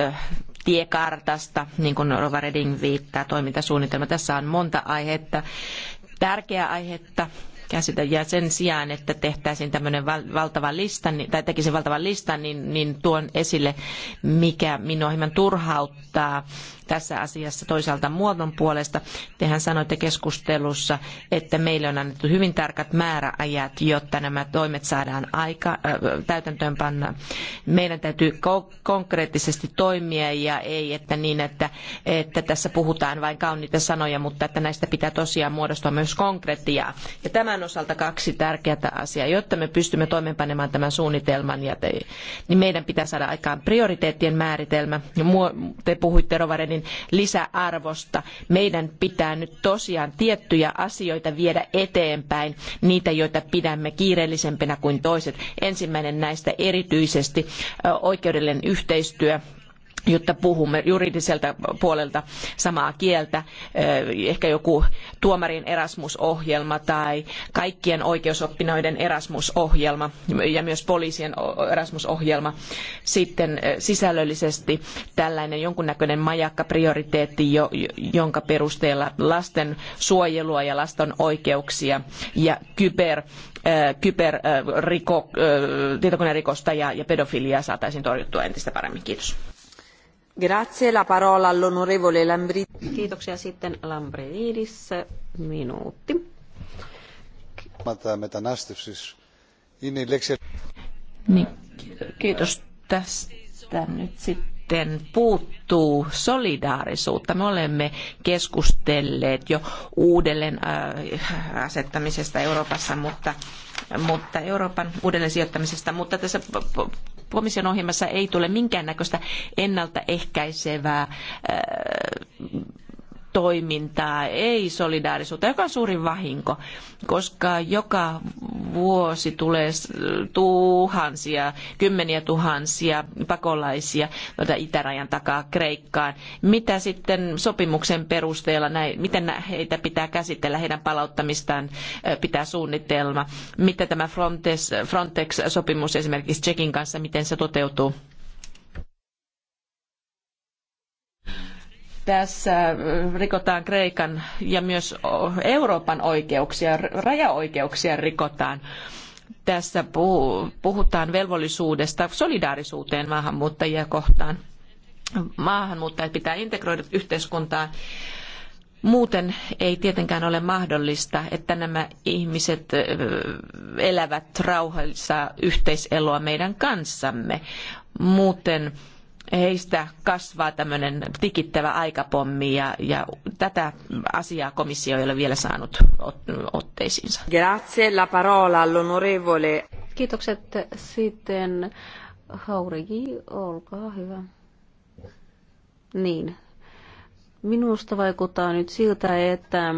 tiekartasta, niin kuin Rova Reding viittaa, toimintasuunnitelma. Tässä on monta aihetta, tärkeää aihetta, käsitellä. Ja sen sijaan, että tehtäisiin tämmöinen valtava lista, niin- tai tekisin valtavan listan, niin, niin tuon esille, mikä minua hieman turhauttaa tässä asiassa toisaalta muodon puolesta. Tehän sanoitte keskustelussa, että meille on annettu hyvin tarkat määräajat, jotta nämä toimet saadaan aika, äh, täytäntöön panna. Meidän täytyy konkreettisesti toimia ja ei, että niin, että, että tässä puhutaan vain kauniita sanoja, mutta että näistä pitää tosiaan muodostua myös konkretiaa. Ja tämä tämän osalta kaksi tärkeää asiaa. Jotta me pystymme toimeenpanemaan tämän suunnitelman, niin meidän pitää saada aikaan prioriteettien määritelmä. Te puhuitte Rovarenin lisäarvosta. Meidän pitää nyt tosiaan tiettyjä asioita viedä eteenpäin, niitä joita pidämme kiireellisempinä kuin toiset. Ensimmäinen näistä erityisesti oikeudellinen yhteistyö jotta puhumme juridiselta puolelta samaa kieltä. Ehkä joku tuomarin Erasmus-ohjelma tai kaikkien oikeusoppinoiden Erasmus-ohjelma ja myös poliisien Erasmus-ohjelma. Sitten sisällöllisesti tällainen jonkunnäköinen majakka prioriteetti, jonka perusteella lasten suojelua ja lasten oikeuksia ja kyber kyberriko, ja, ja pedofiliaa saataisiin torjuttua entistä paremmin. Kiitos. Grazie, la parola all'onorevole Kiitoksia sitten Lambridis, minuutti. Niin, kiitos tästä nyt sitten sitten puuttuu solidaarisuutta. Me olemme keskustelleet jo uudelleen äh, asettamisesta Euroopassa, mutta, mutta Euroopan uudelleen sijoittamisesta, mutta tässä komission ohjelmassa ei tule minkäännäköistä ennaltaehkäisevää toimintaa, ei solidaarisuutta, joka on suurin vahinko, koska joka vuosi tulee tuhansia, kymmeniä tuhansia pakolaisia tuolta itärajan takaa Kreikkaan. Mitä sitten sopimuksen perusteella, näin, miten heitä pitää käsitellä, heidän palauttamistaan pitää suunnitelma, mitä tämä Frontex-sopimus esimerkiksi Tsekin kanssa, miten se toteutuu? Tässä äh, rikotaan Kreikan ja myös Euroopan oikeuksia, rajaoikeuksia rikotaan tässä puhutaan velvollisuudesta solidaarisuuteen maahanmuuttajia kohtaan. Maahanmuuttajat pitää integroida yhteiskuntaan. Muuten ei tietenkään ole mahdollista, että nämä ihmiset äh, elävät rauhallista yhteiseloa meidän kanssamme. Muuten heistä kasvaa tämmöinen tikittävä aikapommi ja, ja, tätä asiaa komissio ei ole vielä saanut otteisiinsa. Grazie la parola all'onorevole. Kiitokset sitten Haurigi, olkaa hyvä. Niin, Minusta vaikuttaa nyt siltä, että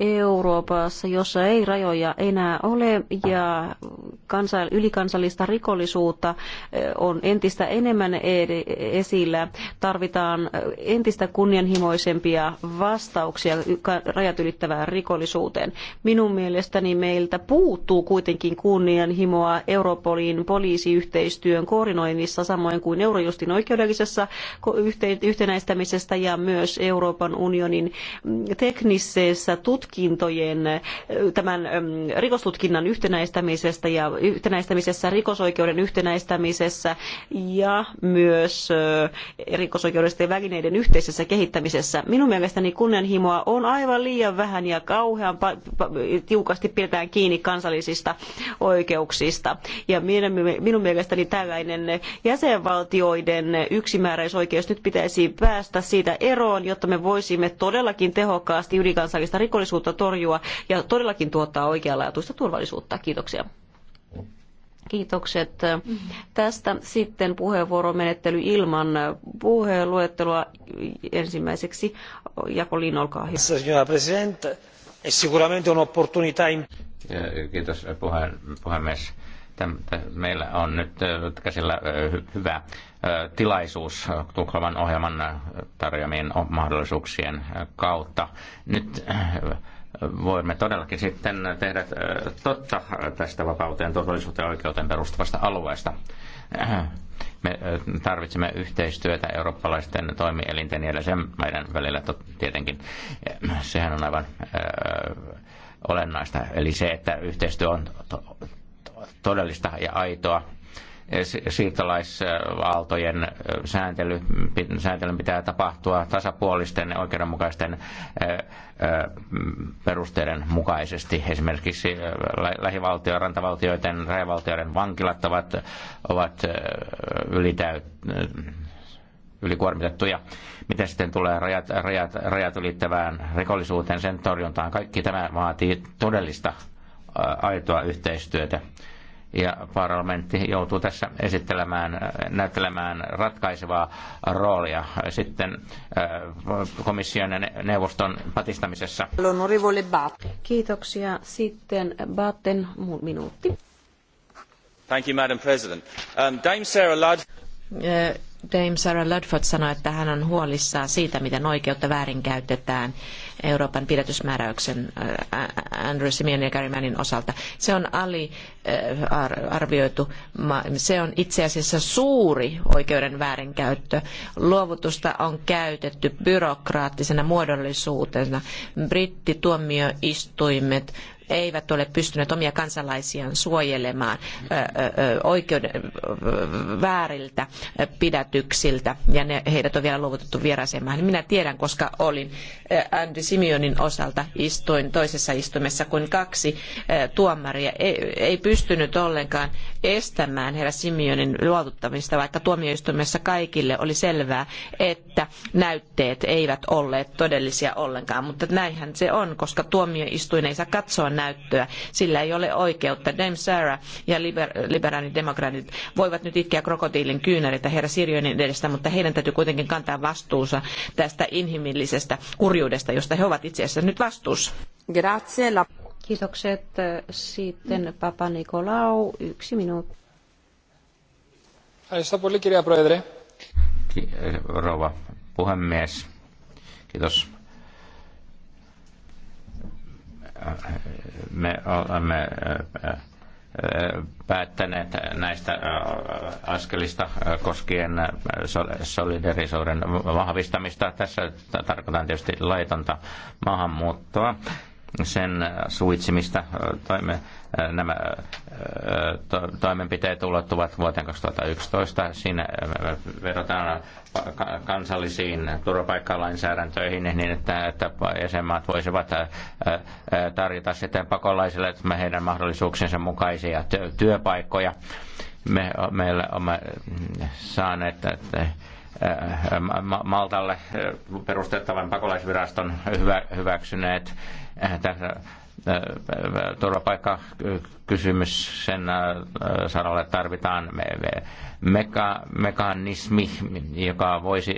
Euroopassa, jossa ei rajoja enää ole ja ylikansallista rikollisuutta eh, on entistä enemmän esillä, tarvitaan entistä kunnianhimoisempia vastauksia rajat ylittävään rikollisuuteen. Minun mielestäni meiltä puuttuu kuitenkin kunnianhimoa Europolin poliisiyhteistyön koordinoinnissa, samoin kuin Eurojustin oikeudellisessa yhtenäistämisessä ja myös Euro- Euroopan unionin teknisessä tutkintojen, tämän ähm, rikostutkinnan yhtenäistämisestä ja yhtenäistämisessä, rikosoikeuden yhtenäistämisessä ja myös äh, rikosoikeudellisten välineiden yhteisessä kehittämisessä. Minun mielestäni kunnianhimoa on aivan liian vähän ja kauhean tiukasti pidetään kiinni kansallisista oikeuksista. Ja minun mielestäni tällainen jäsenvaltioiden yksimääräisoikeus nyt pitäisi päästä siitä eroon, jotta me voisimme todellakin tehokkaasti ylikansallista rikollisuutta torjua ja todellakin tuottaa oikeanlaatuista turvallisuutta. Kiitoksia. Kiitokset. Tästä sitten puheenvuoromenettely ilman puheenluettelua ensimmäiseksi. Jakolin, olkaa hyvä. Signora Presidente, è sicuramente un'opportunità. Kiitos puhemies meillä on nyt käsillä hyvä tilaisuus Tukholman ohjelman tarjoamien mahdollisuuksien kautta. Nyt voimme todellakin sitten tehdä totta tästä vapauteen, turvallisuuteen ja oikeuteen perustuvasta alueesta. Me tarvitsemme yhteistyötä eurooppalaisten toimielinten ja sen meidän välillä tietenkin. Sehän on aivan olennaista. Eli se, että yhteistyö on todellista ja aitoa siirtolaisaaltojen sääntely, sääntelyn pitää tapahtua tasapuolisten oikeudenmukaisten perusteiden mukaisesti. Esimerkiksi lähivaltio- rantavaltioiden, rajavaltioiden vankilat ovat, ovat ylitäyt, ylikuormitettuja. Miten sitten tulee rajat, rajat, rajat ylittävään rikollisuuteen, sen torjuntaan. Kaikki tämä vaatii todellista aitoa yhteistyötä ja parlamentti joutuu tässä esittelemään, näyttelemään ratkaisevaa roolia sitten äh, komission ja neuvoston patistamisessa. Kiitoksia. Sitten Batten minuutti. Thank you, Madam President. Um, Dame Sarah Ludd... Äh, Dame Sarah Ludford sanoi, että hän on huolissaan siitä, miten oikeutta väärinkäytetään Euroopan pidätysmääräyksen äh, Andrew Simeon ja Gary Mannin osalta. Se on aliarvioitu. Äh, se on itse asiassa suuri oikeuden väärinkäyttö. Luovutusta on käytetty byrokraattisena muodollisuutena. Brittituomioistuimet eivät ole pystyneet omia kansalaisiaan suojelemaan oikeuden vääriltä pidätyksiltä ja ne, heidät on vielä luovutettu vieraaseen Minä tiedän, koska olin Andy Simeonin osalta istuin toisessa istumessa, kun kaksi tuomaria ei, ei pystynyt ollenkaan estämään herra Simeonin luovuttamista, vaikka tuomioistuimessa kaikille oli selvää, että näytteet eivät olleet todellisia ollenkaan. Mutta näinhän se on, koska tuomioistuin ei saa katsoa näyttöä. Sillä ei ole oikeutta. Dame Sarah ja liber, demokraatit voivat nyt itkeä krokotiilin kyynäreitä herra Sirjonin edestä, mutta heidän täytyy kuitenkin kantaa vastuunsa tästä inhimillisestä kurjuudesta, josta he ovat itse asiassa nyt vastuussa. Grazie. Kiitokset. Sitten Papa Nikolau, yksi minuutti. Eh, rouva puhemies, kiitos. Me olemme eh, eh, päättäneet näistä askelista koskien solidarisuuden vahvistamista. Tässä tarkoitan tietysti laitonta maahanmuuttoa sen äh, suitsimista. Äh, toime, äh, nämä to, toimenpiteet ulottuvat vuoteen 2011. Siinä vedotaan kansallisiin turvapaikkalainsäädäntöihin niin, että, että jäsenmaat voisivat tarjota sitten pakolaisille heidän mahdollisuuksiensa mukaisia työpaikkoja. Me, meillä olemme mm, saaneet että, Äh, äh, Maltalle äh, perustettavan pakolaisviraston hyväksyneet. Tässä turvapaikkakysymys sen saralle tarvitaan meka, mekanismi, joka voisi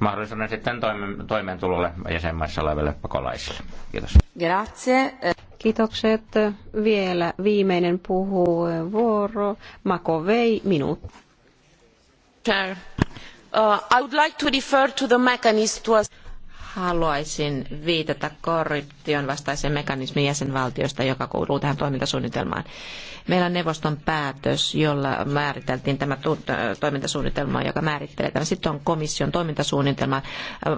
mahdollistaa sitten toimeentulolle jäsenmaissa oleville pakolaisille. Kiitos. Grazie. Kiitokset. Vielä viimeinen puhuvuoro. Makovei, minuutti. Uh, i would like to refer to the mechanism to assess haluaisin viitata korruption vastaiseen mekanismin jäsenvaltiosta, joka kuuluu tähän toimintasuunnitelmaan. Meillä on neuvoston päätös, jolla määriteltiin tämä äh, toimintasuunnitelma, joka määrittelee tämän. Sitten on komission toimintasuunnitelma äh,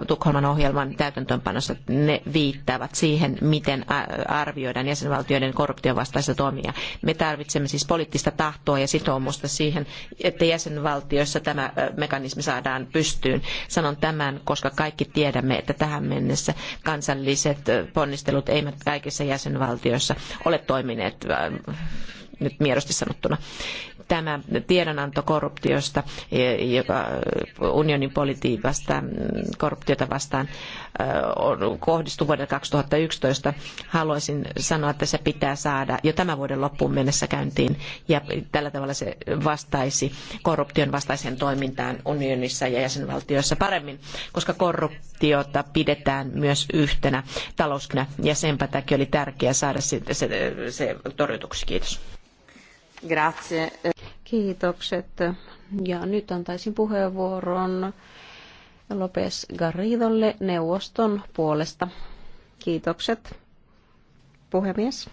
Tukholman ohjelman täytäntöönpanossa. Ne viittaavat siihen, miten arvioidaan jäsenvaltioiden korruption vastaista toimia. Me tarvitsemme siis poliittista tahtoa ja sitoumusta siihen, että jäsenvaltioissa tämä äh, mekanismi saadaan pystyyn. Sanon tämän, koska kaikki tiedämme, että tähän mennessä kansalliset ponnistelut eivät kaikissa jäsenvaltioissa ole toimineet nyt miedosti sanottuna tämä tiedonanto korruptiosta, e, joka unionin politiikasta mm, korruptiota vastaan kohdistui vuodelta 2011, haluaisin sanoa, että se pitää saada jo tämän vuoden loppuun mennessä käyntiin ja tällä tavalla se vastaisi korruption vastaiseen toimintaan unionissa ja jäsenvaltioissa paremmin, koska korruptiota pidetään myös yhtenä talouskynä ja senpä takia oli tärkeää saada se, se, se torjutuksi. Kiitos. Grazie. Kiitokset. Ja nyt antaisin puheenvuoron Lopes Garridolle neuvoston puolesta. Kiitokset, puhemies.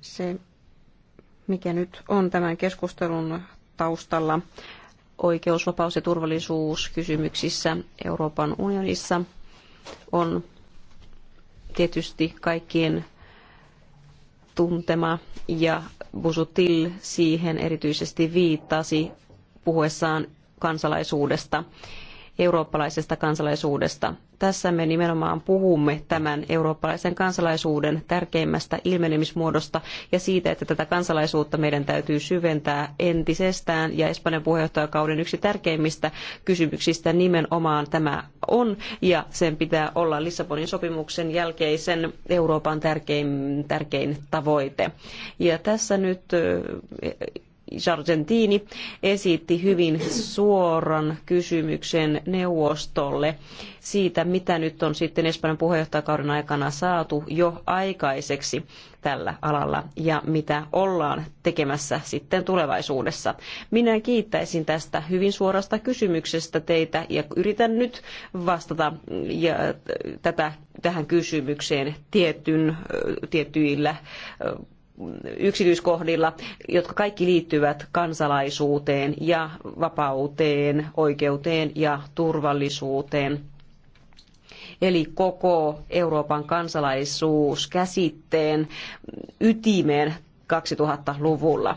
Se, mikä nyt on tämän keskustelun taustalla oikeus, vapaus ja turvallisuus kysymyksissä Euroopan unionissa, on tietysti kaikkien tuntema ja Busutil siihen erityisesti viittasi puhuessaan kansalaisuudesta eurooppalaisesta kansalaisuudesta. Tässä me nimenomaan puhumme tämän eurooppalaisen kansalaisuuden tärkeimmästä ilmenemismuodosta ja siitä, että tätä kansalaisuutta meidän täytyy syventää entisestään ja Espanjan puheenjohtajakauden yksi tärkeimmistä kysymyksistä nimenomaan tämä on ja sen pitää olla Lissabonin sopimuksen jälkeisen Euroopan tärkein, tärkein tavoite. Ja tässä nyt Sargentini esitti hyvin suoran kysymyksen neuvostolle siitä, mitä nyt on sitten Espanjan puheenjohtajakauden aikana saatu jo aikaiseksi tällä alalla ja mitä ollaan tekemässä sitten tulevaisuudessa. Minä kiittäisin tästä hyvin suorasta kysymyksestä teitä ja yritän nyt vastata ja tätä, tähän kysymykseen tietyn, tietyillä yksityiskohdilla, jotka kaikki liittyvät kansalaisuuteen ja vapauteen, oikeuteen ja turvallisuuteen. Eli koko Euroopan kansalaisuuskäsitteen ytimeen 2000-luvulla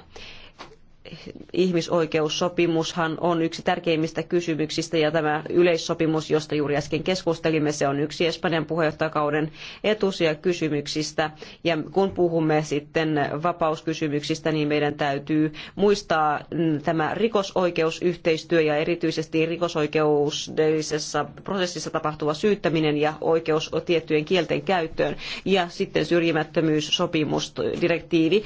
ihmisoikeussopimushan on yksi tärkeimmistä kysymyksistä ja tämä yleissopimus, josta juuri äsken keskustelimme, se on yksi Espanjan puheenjohtajakauden etusia kysymyksistä. Ja kun puhumme sitten vapauskysymyksistä, niin meidän täytyy muistaa tämä rikosoikeusyhteistyö ja erityisesti rikosoikeudellisessa prosessissa tapahtuva syyttäminen ja oikeus tiettyjen kielten käyttöön ja sitten syrjimättömyyssopimusdirektiivi.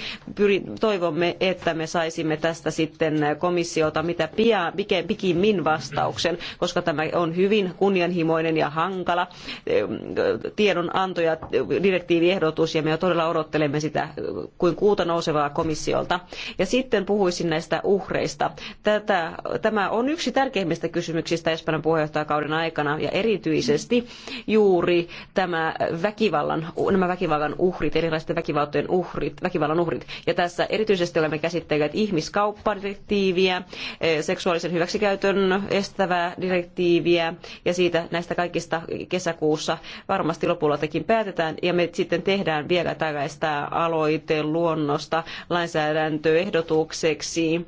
Toivomme, että me saisimme tästä sitten komissiota mitä pia, pikimmin vastauksen, koska tämä on hyvin kunnianhimoinen ja hankala ehm, tiedonanto ja direktiiviehdotus ja me todella odottelemme sitä kuin kuuta nousevaa komissiolta. Ja sitten puhuisin näistä uhreista. Tätä, tämä on yksi tärkeimmistä kysymyksistä Espanjan puheenjohtajakauden aikana ja erityisesti juuri tämä väkivallan, nämä väkivallan uhrit, erilaisten väkivaltojen uhrit, väkivallan uhrit. Ja tässä erityisesti olemme käsitteilleet ihmiskauppaa kauppadirektiiviä, eh, seksuaalisen hyväksikäytön estävää direktiiviä ja siitä näistä kaikista kesäkuussa varmasti lopultakin päätetään ja me sitten tehdään vielä tällaista luonnosta lainsäädäntöehdotukseksi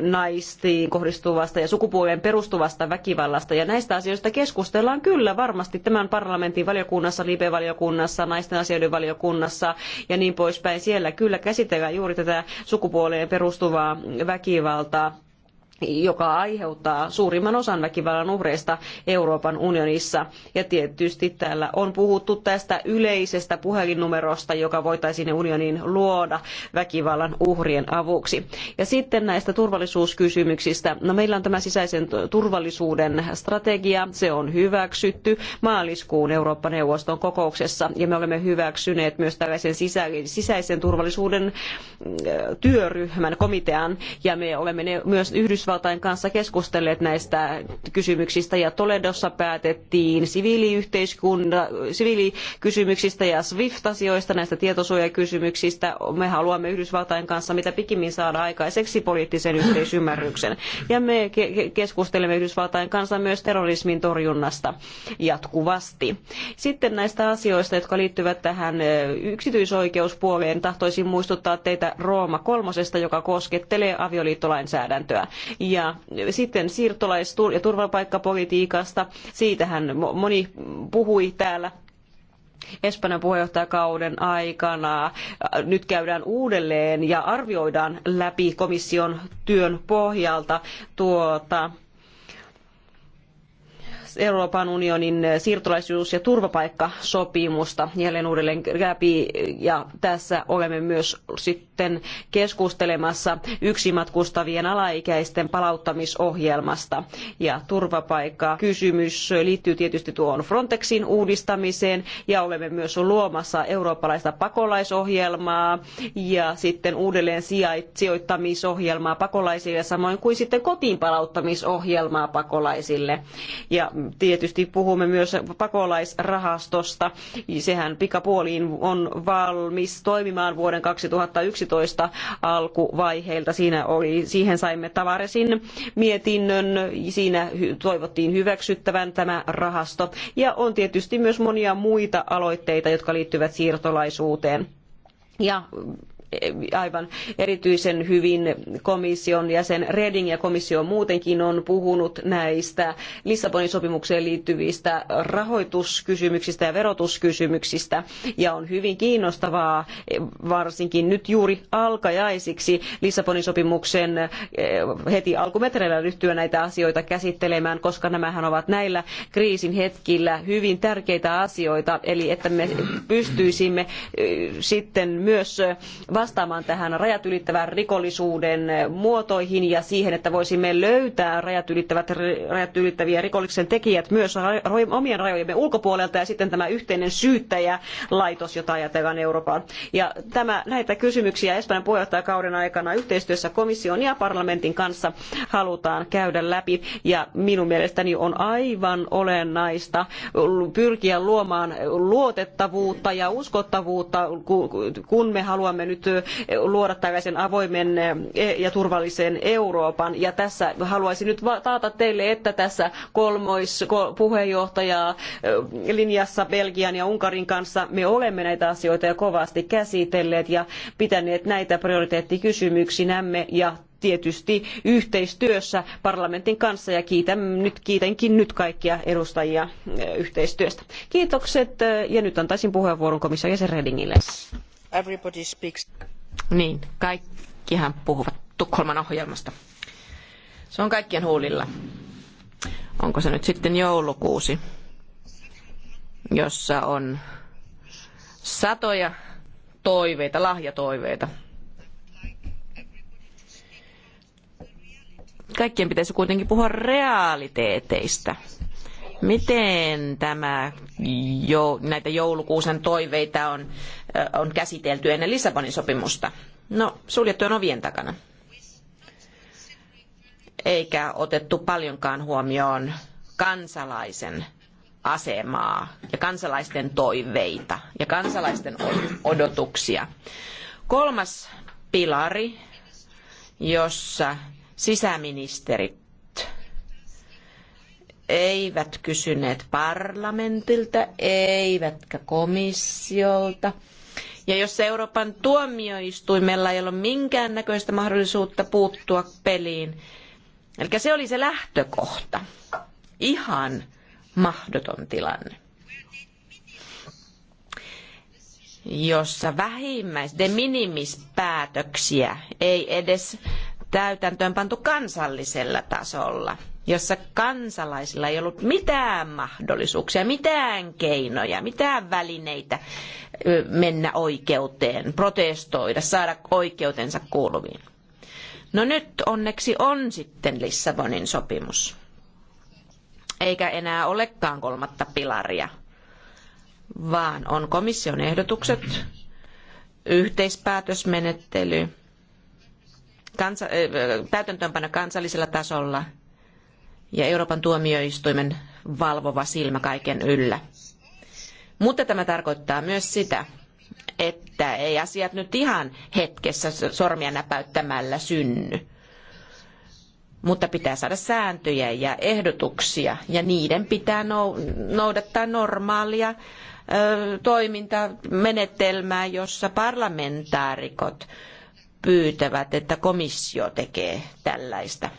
naistiin kohdistuvasta ja sukupuoleen perustuvasta väkivallasta. Ja näistä asioista keskustellaan kyllä varmasti tämän parlamentin valiokunnassa, liipevaliokunnassa, naisten asioiden valiokunnassa ja niin poispäin. Siellä kyllä käsitellään juuri tätä sukupuoleen perustuvaa väkivaltaa joka aiheuttaa suurimman osan väkivallan uhreista Euroopan unionissa. Ja tietysti täällä on puhuttu tästä yleisestä puhelinnumerosta, joka voitaisiin unioniin luoda väkivallan uhrien avuksi. Ja sitten näistä turvallisuuskysymyksistä. No meillä on tämä sisäisen turvallisuuden strategia. Se on hyväksytty maaliskuun Eurooppa-neuvoston kokouksessa ja me olemme hyväksyneet myös tällaisen sisäisen turvallisuuden mm, työryhmän komitean ja me olemme myös Yhdysvaltojen Yhdysvaltain kanssa keskustelleet näistä kysymyksistä ja Toledossa päätettiin siviilikysymyksistä ja SWIFT-asioista, näistä tietosuojakysymyksistä. Me haluamme Yhdysvaltain kanssa mitä pikimmin saada aikaiseksi poliittisen yhteisymmärryksen. Ja me ke keskustelemme Yhdysvaltain kanssa myös terrorismin torjunnasta jatkuvasti. Sitten näistä asioista, jotka liittyvät tähän yksityisoikeuspuoleen, tahtoisin muistuttaa teitä Rooma kolmosesta, joka koskettelee avioliittolainsäädäntöä. Ja sitten siirtolais- ja turvapaikkapolitiikasta, siitähän moni puhui täällä Espanjan puheenjohtajakauden aikana. Nyt käydään uudelleen ja arvioidaan läpi komission työn pohjalta tuota Euroopan unionin siirtolaisuus- ja turvapaikkasopimusta jälleen uudelleen läpi ja tässä olemme myös sitten keskustelemassa yksimatkustavien alaikäisten palauttamisohjelmasta. Ja turvapaikkakysymys liittyy tietysti tuohon Frontexin uudistamiseen ja olemme myös luomassa eurooppalaista pakolaisohjelmaa ja sitten uudelleen sijoittamisohjelmaa pakolaisille samoin kuin sitten kotiin palauttamisohjelmaa pakolaisille. Ja tietysti puhumme myös pakolaisrahastosta. Sehän pikapuoliin on valmis toimimaan vuoden 2011 alkuvaiheilta. Siinä oli, siihen saimme Tavaresin mietinnön. Siinä toivottiin hyväksyttävän tämä rahasto. Ja on tietysti myös monia muita aloitteita, jotka liittyvät siirtolaisuuteen ja aivan erityisen hyvin komission jäsen Reding ja komissio muutenkin on puhunut näistä Lissabonin sopimukseen liittyvistä rahoituskysymyksistä ja verotuskysymyksistä. Ja on hyvin kiinnostavaa, varsinkin nyt juuri alkajaisiksi Lissabonin sopimuksen eh, heti alkumetreillä ryhtyä näitä asioita käsittelemään, koska nämähän ovat näillä kriisin hetkillä hyvin tärkeitä asioita, eli että me pystyisimme eh, sitten myös vastaamaan tähän rajat ylittävän rikollisuuden muotoihin ja siihen, että voisimme löytää rajat, ylittävät, rajat ylittäviä rikollisen tekijät myös omien rajojemme ulkopuolelta ja sitten tämä yhteinen syyttäjälaitos, jota ajatellaan Euroopan. Ja tämä, näitä kysymyksiä Espanjan puheenjohtajakauden aikana yhteistyössä komission ja parlamentin kanssa halutaan käydä läpi ja minun mielestäni on aivan olennaista pyrkiä luomaan luotettavuutta ja uskottavuutta, kun me haluamme nyt luoda tällaisen avoimen ja turvallisen Euroopan. Ja tässä haluaisin nyt taata teille, että tässä kolmois puheenjohtajaa linjassa Belgian ja Unkarin kanssa me olemme näitä asioita jo kovasti käsitelleet ja pitäneet näitä prioriteettikysymyksinämme ja tietysti yhteistyössä parlamentin kanssa ja kiitän, nyt, kiitänkin nyt kaikkia edustajia yhteistyöstä. Kiitokset ja nyt antaisin puheenvuoron jäsen Redingille. Everybody speaks. Niin, kaikkihan puhuvat Tukholman ohjelmasta. Se on kaikkien huulilla. Onko se nyt sitten joulukuusi, jossa on satoja toiveita, lahjatoiveita. Kaikkien pitäisi kuitenkin puhua realiteeteista Miten tämä jo, näitä joulukuusen toiveita on, on käsitelty ennen Lissabonin sopimusta? No, suljettujen ovien takana. Eikä otettu paljonkaan huomioon kansalaisen asemaa ja kansalaisten toiveita ja kansalaisten odotuksia. Kolmas pilari, jossa sisäministerit eivät kysyneet parlamentilta eivätkä komissiolta. Ja jos Euroopan tuomioistuimella ei ole minkäännäköistä mahdollisuutta puuttua peliin, eli se oli se lähtökohta. Ihan mahdoton tilanne. jossa vähimmäis de minimis päätöksiä ei edes täytäntöön pantu kansallisella tasolla, jossa kansalaisilla ei ollut mitään mahdollisuuksia, mitään keinoja, mitään välineitä mennä oikeuteen, protestoida, saada oikeutensa kuuluviin. No nyt onneksi on sitten Lissabonin sopimus. Eikä enää olekaan kolmatta pilaria, vaan on komission ehdotukset, yhteispäätösmenettely kansa, täytäntöönpano kansallisella tasolla ja Euroopan tuomioistuimen valvova silmä kaiken yllä. Mutta tämä tarkoittaa myös sitä, että ei asiat nyt ihan hetkessä sormia näpäyttämällä synny. Mutta pitää saada sääntöjä ja ehdotuksia, ja niiden pitää noudattaa normaalia toimintamenetelmää, jossa parlamentaarikot pyytävät, että komissio tekee tällaista.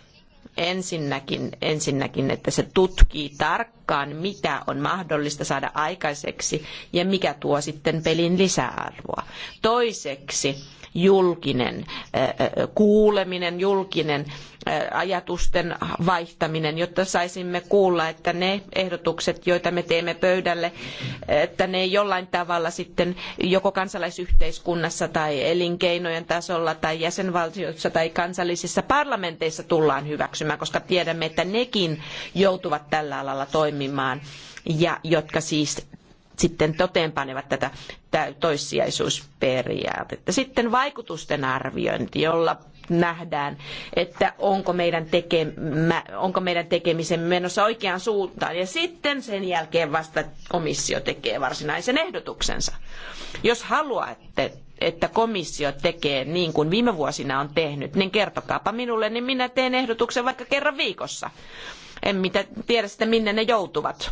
Ensinnäkin, ensinnäkin, että se tutkii tarkkaan, mitä on mahdollista saada aikaiseksi ja mikä tuo sitten pelin lisäarvoa. Toiseksi, julkinen kuuleminen, julkinen ajatusten vaihtaminen, jotta saisimme kuulla, että ne ehdotukset, joita me teemme pöydälle, että ne jollain tavalla sitten joko kansalaisyhteiskunnassa tai elinkeinojen tasolla tai jäsenvaltioissa tai kansallisissa parlamenteissa tullaan hyväksymään, koska tiedämme, että nekin joutuvat tällä alalla toimimaan ja jotka siis sitten toteenpanevat tätä toissijaisuusperiaatetta. Sitten vaikutusten arviointi, jolla nähdään, että onko meidän, tekemä, onko meidän tekemisen menossa oikeaan suuntaan. Ja sitten sen jälkeen vasta komissio tekee varsinaisen ehdotuksensa. Jos haluatte, että komissio tekee niin kuin viime vuosina on tehnyt, niin kertokaapa minulle, niin minä teen ehdotuksen vaikka kerran viikossa. En mitä tiedä sitä, minne ne joutuvat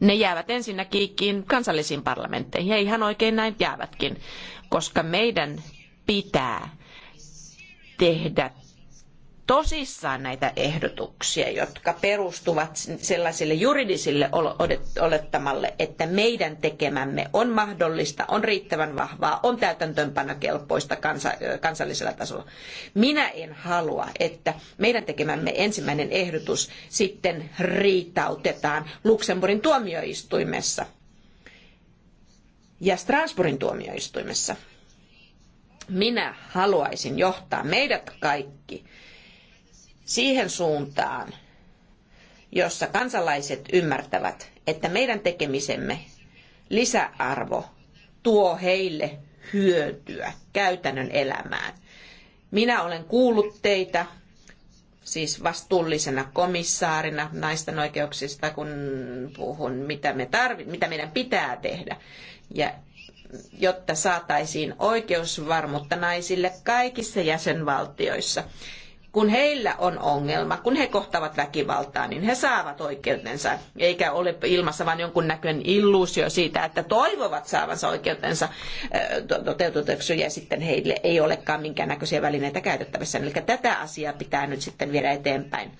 ne jäävät ensinnäkin kansallisiin parlamentteihin. Ja ihan oikein näin jäävätkin, koska meidän pitää tehdä tosissaan näitä ehdotuksia, jotka perustuvat sellaisille juridisille olettamalle, että meidän tekemämme on mahdollista, on riittävän vahvaa, on täytäntöönpanokelpoista kansallisella tasolla. Minä en halua, että meidän tekemämme ensimmäinen ehdotus sitten riitautetaan Luxemburgin tuomioistuimessa ja Strasbourgin tuomioistuimessa minä haluaisin johtaa meidät kaikki siihen suuntaan, jossa kansalaiset ymmärtävät, että meidän tekemisemme lisäarvo tuo heille hyötyä käytännön elämään. Minä olen kuullut teitä, siis vastuullisena komissaarina naisten oikeuksista, kun puhun, mitä, me tarvi, mitä meidän pitää tehdä. Ja jotta saataisiin oikeusvarmuutta naisille kaikissa jäsenvaltioissa kun heillä on ongelma, kun he kohtaavat väkivaltaa, niin he saavat oikeutensa, eikä ole ilmassa vain jonkun näköinen illuusio siitä, että toivovat saavansa oikeutensa toteutetuksi ja sitten heille ei olekaan minkäännäköisiä välineitä käytettävissä. Eli tätä asiaa pitää nyt sitten viedä eteenpäin.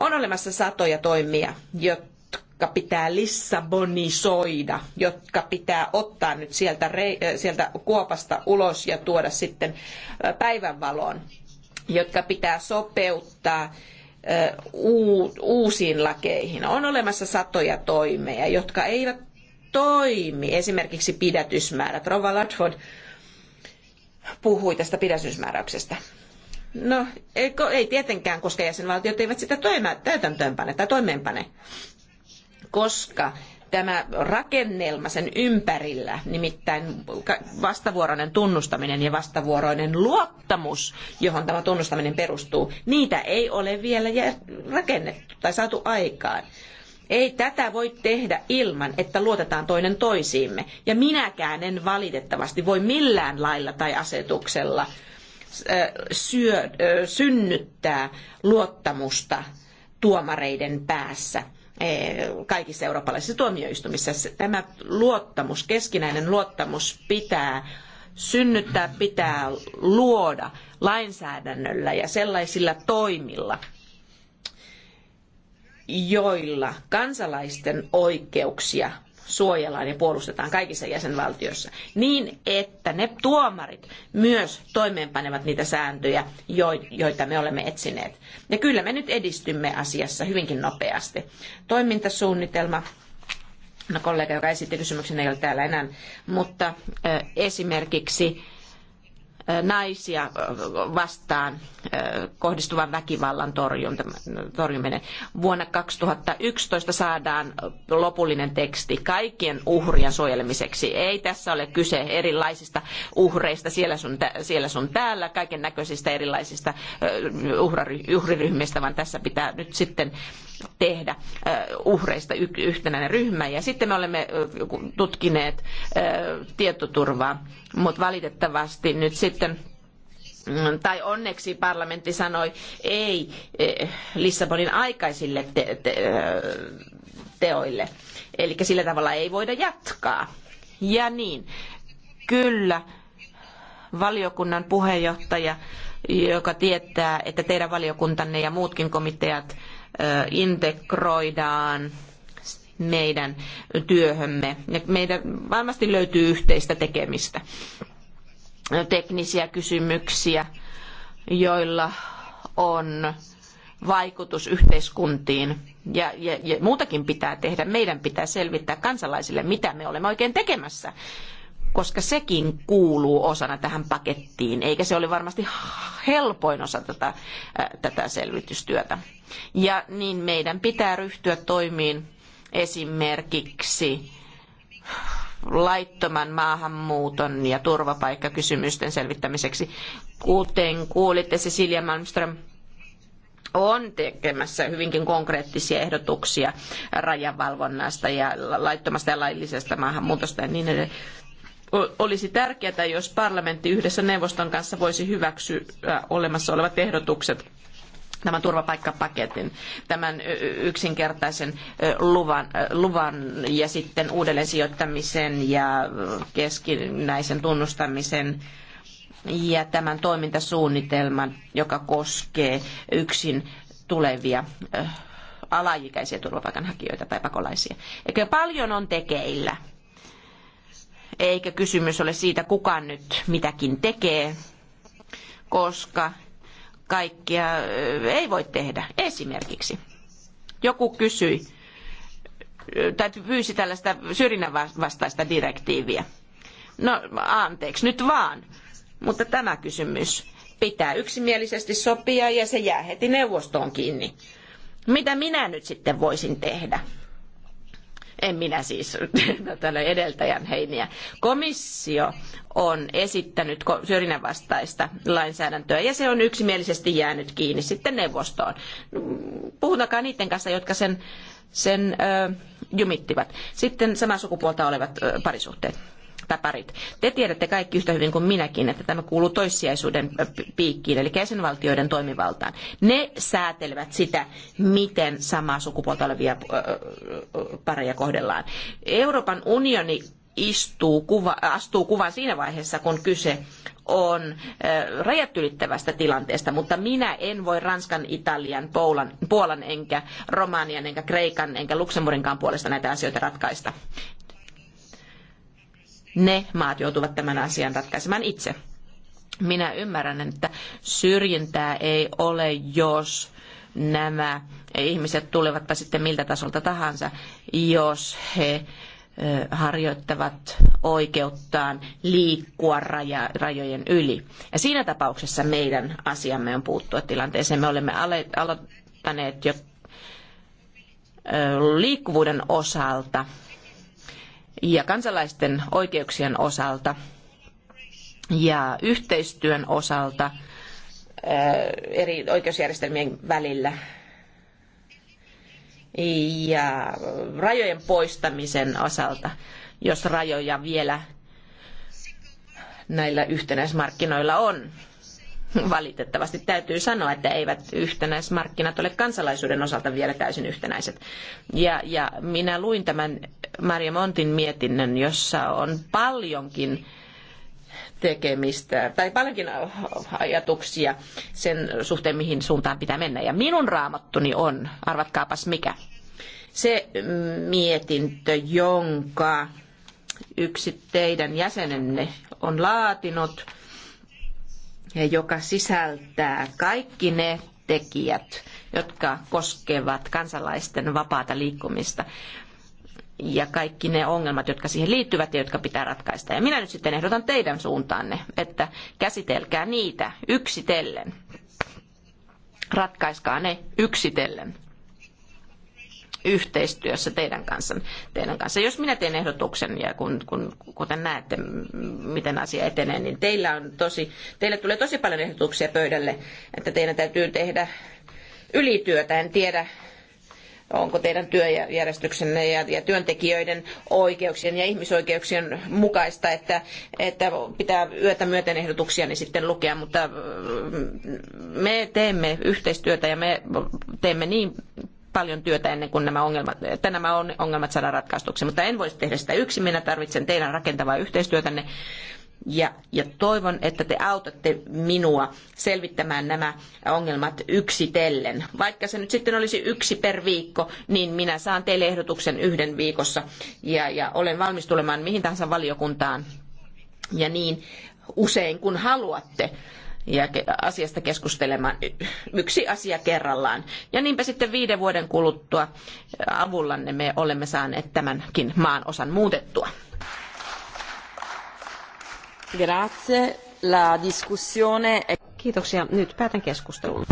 On olemassa satoja toimia, jotka pitää lissabonisoida, jotka pitää ottaa nyt sieltä, sieltä kuopasta ulos ja tuoda sitten päivänvaloon jotka pitää sopeuttaa uusiin lakeihin. On olemassa satoja toimeja, jotka eivät toimi. Esimerkiksi pidätysmäärät. Rova Ladford puhui tästä pidätysmääräyksestä. No, ei, ei tietenkään, koska jäsenvaltiot eivät sitä toimea, täytäntöönpane tai toimeenpane, koska tämä rakennelma sen ympärillä, nimittäin vastavuoroinen tunnustaminen ja vastavuoroinen luottamus, johon tämä tunnustaminen perustuu, niitä ei ole vielä rakennettu tai saatu aikaan. Ei tätä voi tehdä ilman, että luotetaan toinen toisiimme. Ja minäkään en valitettavasti voi millään lailla tai asetuksella synnyttää luottamusta tuomareiden päässä Eh, kaikissa eurooppalaisissa tuomioistuimissa. Tämä luottamus, keskinäinen luottamus pitää synnyttää, pitää luoda lainsäädännöllä ja sellaisilla toimilla, joilla kansalaisten oikeuksia suojellaan ja puolustetaan kaikissa jäsenvaltioissa, niin että ne tuomarit myös toimeenpanevat niitä sääntöjä, joita me olemme etsineet. Ja kyllä me nyt edistymme asiassa hyvinkin nopeasti. Toimintasuunnitelma, no kollega, joka esitti kysymyksen, ei ole täällä enää, mutta esimerkiksi naisia vastaan kohdistuvan väkivallan torjuminen. Vuonna 2011 saadaan lopullinen teksti kaikkien uhrien suojelemiseksi. Ei tässä ole kyse erilaisista uhreista siellä sun, siellä sun täällä, kaiken näköisistä erilaisista uhriryhmistä, vaan tässä pitää nyt sitten tehdä uhreista yhtenäinen ryhmä. Ja sitten me olemme tutkineet tietoturvaa, mutta valitettavasti nyt sitten sitten tai onneksi parlamentti sanoi ei eh, Lissabonin aikaisille te te teoille. Eli sillä tavalla ei voida jatkaa. Ja niin, kyllä valiokunnan puheenjohtaja, joka tietää, että teidän valiokuntanne ja muutkin komiteat integroidaan meidän työhömme. Ja meidän varmasti löytyy yhteistä tekemistä teknisiä kysymyksiä, joilla on vaikutus yhteiskuntiin ja, ja, ja muutakin pitää tehdä. Meidän pitää selvittää kansalaisille, mitä me olemme oikein tekemässä, koska sekin kuuluu osana tähän pakettiin, eikä se ole varmasti helpoin osa tätä, tätä selvitystyötä. Ja niin meidän pitää ryhtyä toimiin esimerkiksi laittoman maahanmuuton ja turvapaikkakysymysten selvittämiseksi. Kuten kuulitte, Cecilia Malmström on tekemässä hyvinkin konkreettisia ehdotuksia rajavalvonnasta ja laittomasta ja laillisesta maahanmuutosta ja niin edelleen. Olisi tärkeää, jos parlamentti yhdessä neuvoston kanssa voisi hyväksyä olemassa olevat ehdotukset tämän turvapaikkapaketin, tämän yksinkertaisen luvan, luvan ja sitten uudelleen sijoittamisen ja keskinäisen tunnustamisen ja tämän toimintasuunnitelman, joka koskee yksin tulevia alaikäisiä turvapaikanhakijoita tai pakolaisia. Eikö paljon on tekeillä? Eikä kysymys ole siitä, kuka nyt mitäkin tekee, koska kaikkia ei voi tehdä. Esimerkiksi joku kysyi tai pyysi tällaista syrjinnän vastaista direktiiviä. No anteeksi, nyt vaan. Mutta tämä kysymys pitää yksimielisesti sopia ja se jää heti neuvostoon kiinni. Mitä minä nyt sitten voisin tehdä? en minä siis tällä edeltäjän heiniä. Komissio on esittänyt syrjinnän vastaista lainsäädäntöä ja se on yksimielisesti jäänyt kiinni sitten neuvostoon. Puhutakaa niiden kanssa, jotka sen, sen ö, jumittivat. Sitten samaa sukupuolta olevat ö, parisuhteet. Taparit. Te tiedätte kaikki yhtä hyvin kuin minäkin, että tämä kuuluu toissijaisuuden piikkiin, eli jäsenvaltioiden toimivaltaan. Ne säätelevät sitä, miten samaa sukupuolta olevia pareja kohdellaan. Euroopan unioni istuu kuva, astuu kuvaan siinä vaiheessa, kun kyse on rajat ylittävästä tilanteesta, mutta minä en voi Ranskan, Italian, Puolan, Puolan enkä Romanian, enkä Kreikan, enkä Luxemburginkaan puolesta näitä asioita ratkaista ne maat joutuvat tämän asian ratkaisemaan itse. Minä ymmärrän, että syrjintää ei ole, jos nämä ihmiset tulevatpa sitten miltä tasolta tahansa, jos he harjoittavat oikeuttaan liikkua raja, rajojen yli. Ja siinä tapauksessa meidän asiamme on puuttua tilanteeseen. Me olemme ale, aloittaneet jo liikkuvuuden osalta ja kansalaisten oikeuksien osalta ja yhteistyön osalta eh, eri oikeusjärjestelmien välillä ja rajojen poistamisen osalta, jos rajoja vielä näillä yhtenäismarkkinoilla on. Valitettavasti täytyy sanoa, että eivät yhtenäismarkkinat ole kansalaisuuden osalta vielä täysin yhtenäiset. Ja, ja minä luin tämän Maria Montin mietinnön, jossa on paljonkin tekemistä tai paljonkin ajatuksia sen suhteen, mihin suuntaan pitää mennä. Ja minun raamattuni on, arvatkaapas mikä, se mietintö, jonka yksi teidän jäsenenne on laatinut ja joka sisältää kaikki ne tekijät, jotka koskevat kansalaisten vapaata liikkumista ja kaikki ne ongelmat, jotka siihen liittyvät ja jotka pitää ratkaista. Ja minä nyt sitten ehdotan teidän suuntaanne, että käsitelkää niitä yksitellen. Ratkaiskaa ne yksitellen yhteistyössä teidän kanssa. Teidän kanssa. Jos minä teen ehdotuksen ja kun, kun, kuten näette, miten asia etenee, niin teillä on tosi, teille tulee tosi paljon ehdotuksia pöydälle, että teidän täytyy tehdä ylityötä. En tiedä, onko teidän työjärjestyksenne ja, ja työntekijöiden oikeuksien ja ihmisoikeuksien mukaista, että, että pitää yötä myöten ehdotuksia niin sitten lukea, mutta äh, me teemme yhteistyötä ja me teemme niin paljon työtä ennen kuin nämä ongelmat, että nämä ongelmat saadaan ratkaistuksi. Mutta en voisi tehdä sitä yksin, minä tarvitsen teidän rakentavaa yhteistyötänne ja, ja toivon, että te autatte minua selvittämään nämä ongelmat yksitellen. Vaikka se nyt sitten olisi yksi per viikko, niin minä saan teille ehdotuksen yhden viikossa ja, ja olen valmis tulemaan mihin tahansa valiokuntaan ja niin usein kuin haluatte ja asiasta keskustelemaan yksi asia kerrallaan. Ja niinpä sitten viiden vuoden kuluttua avullanne me olemme saaneet tämänkin maan osan muutettua. Grazie. La discussione... Kiitoksia. Nyt päätän keskustelun.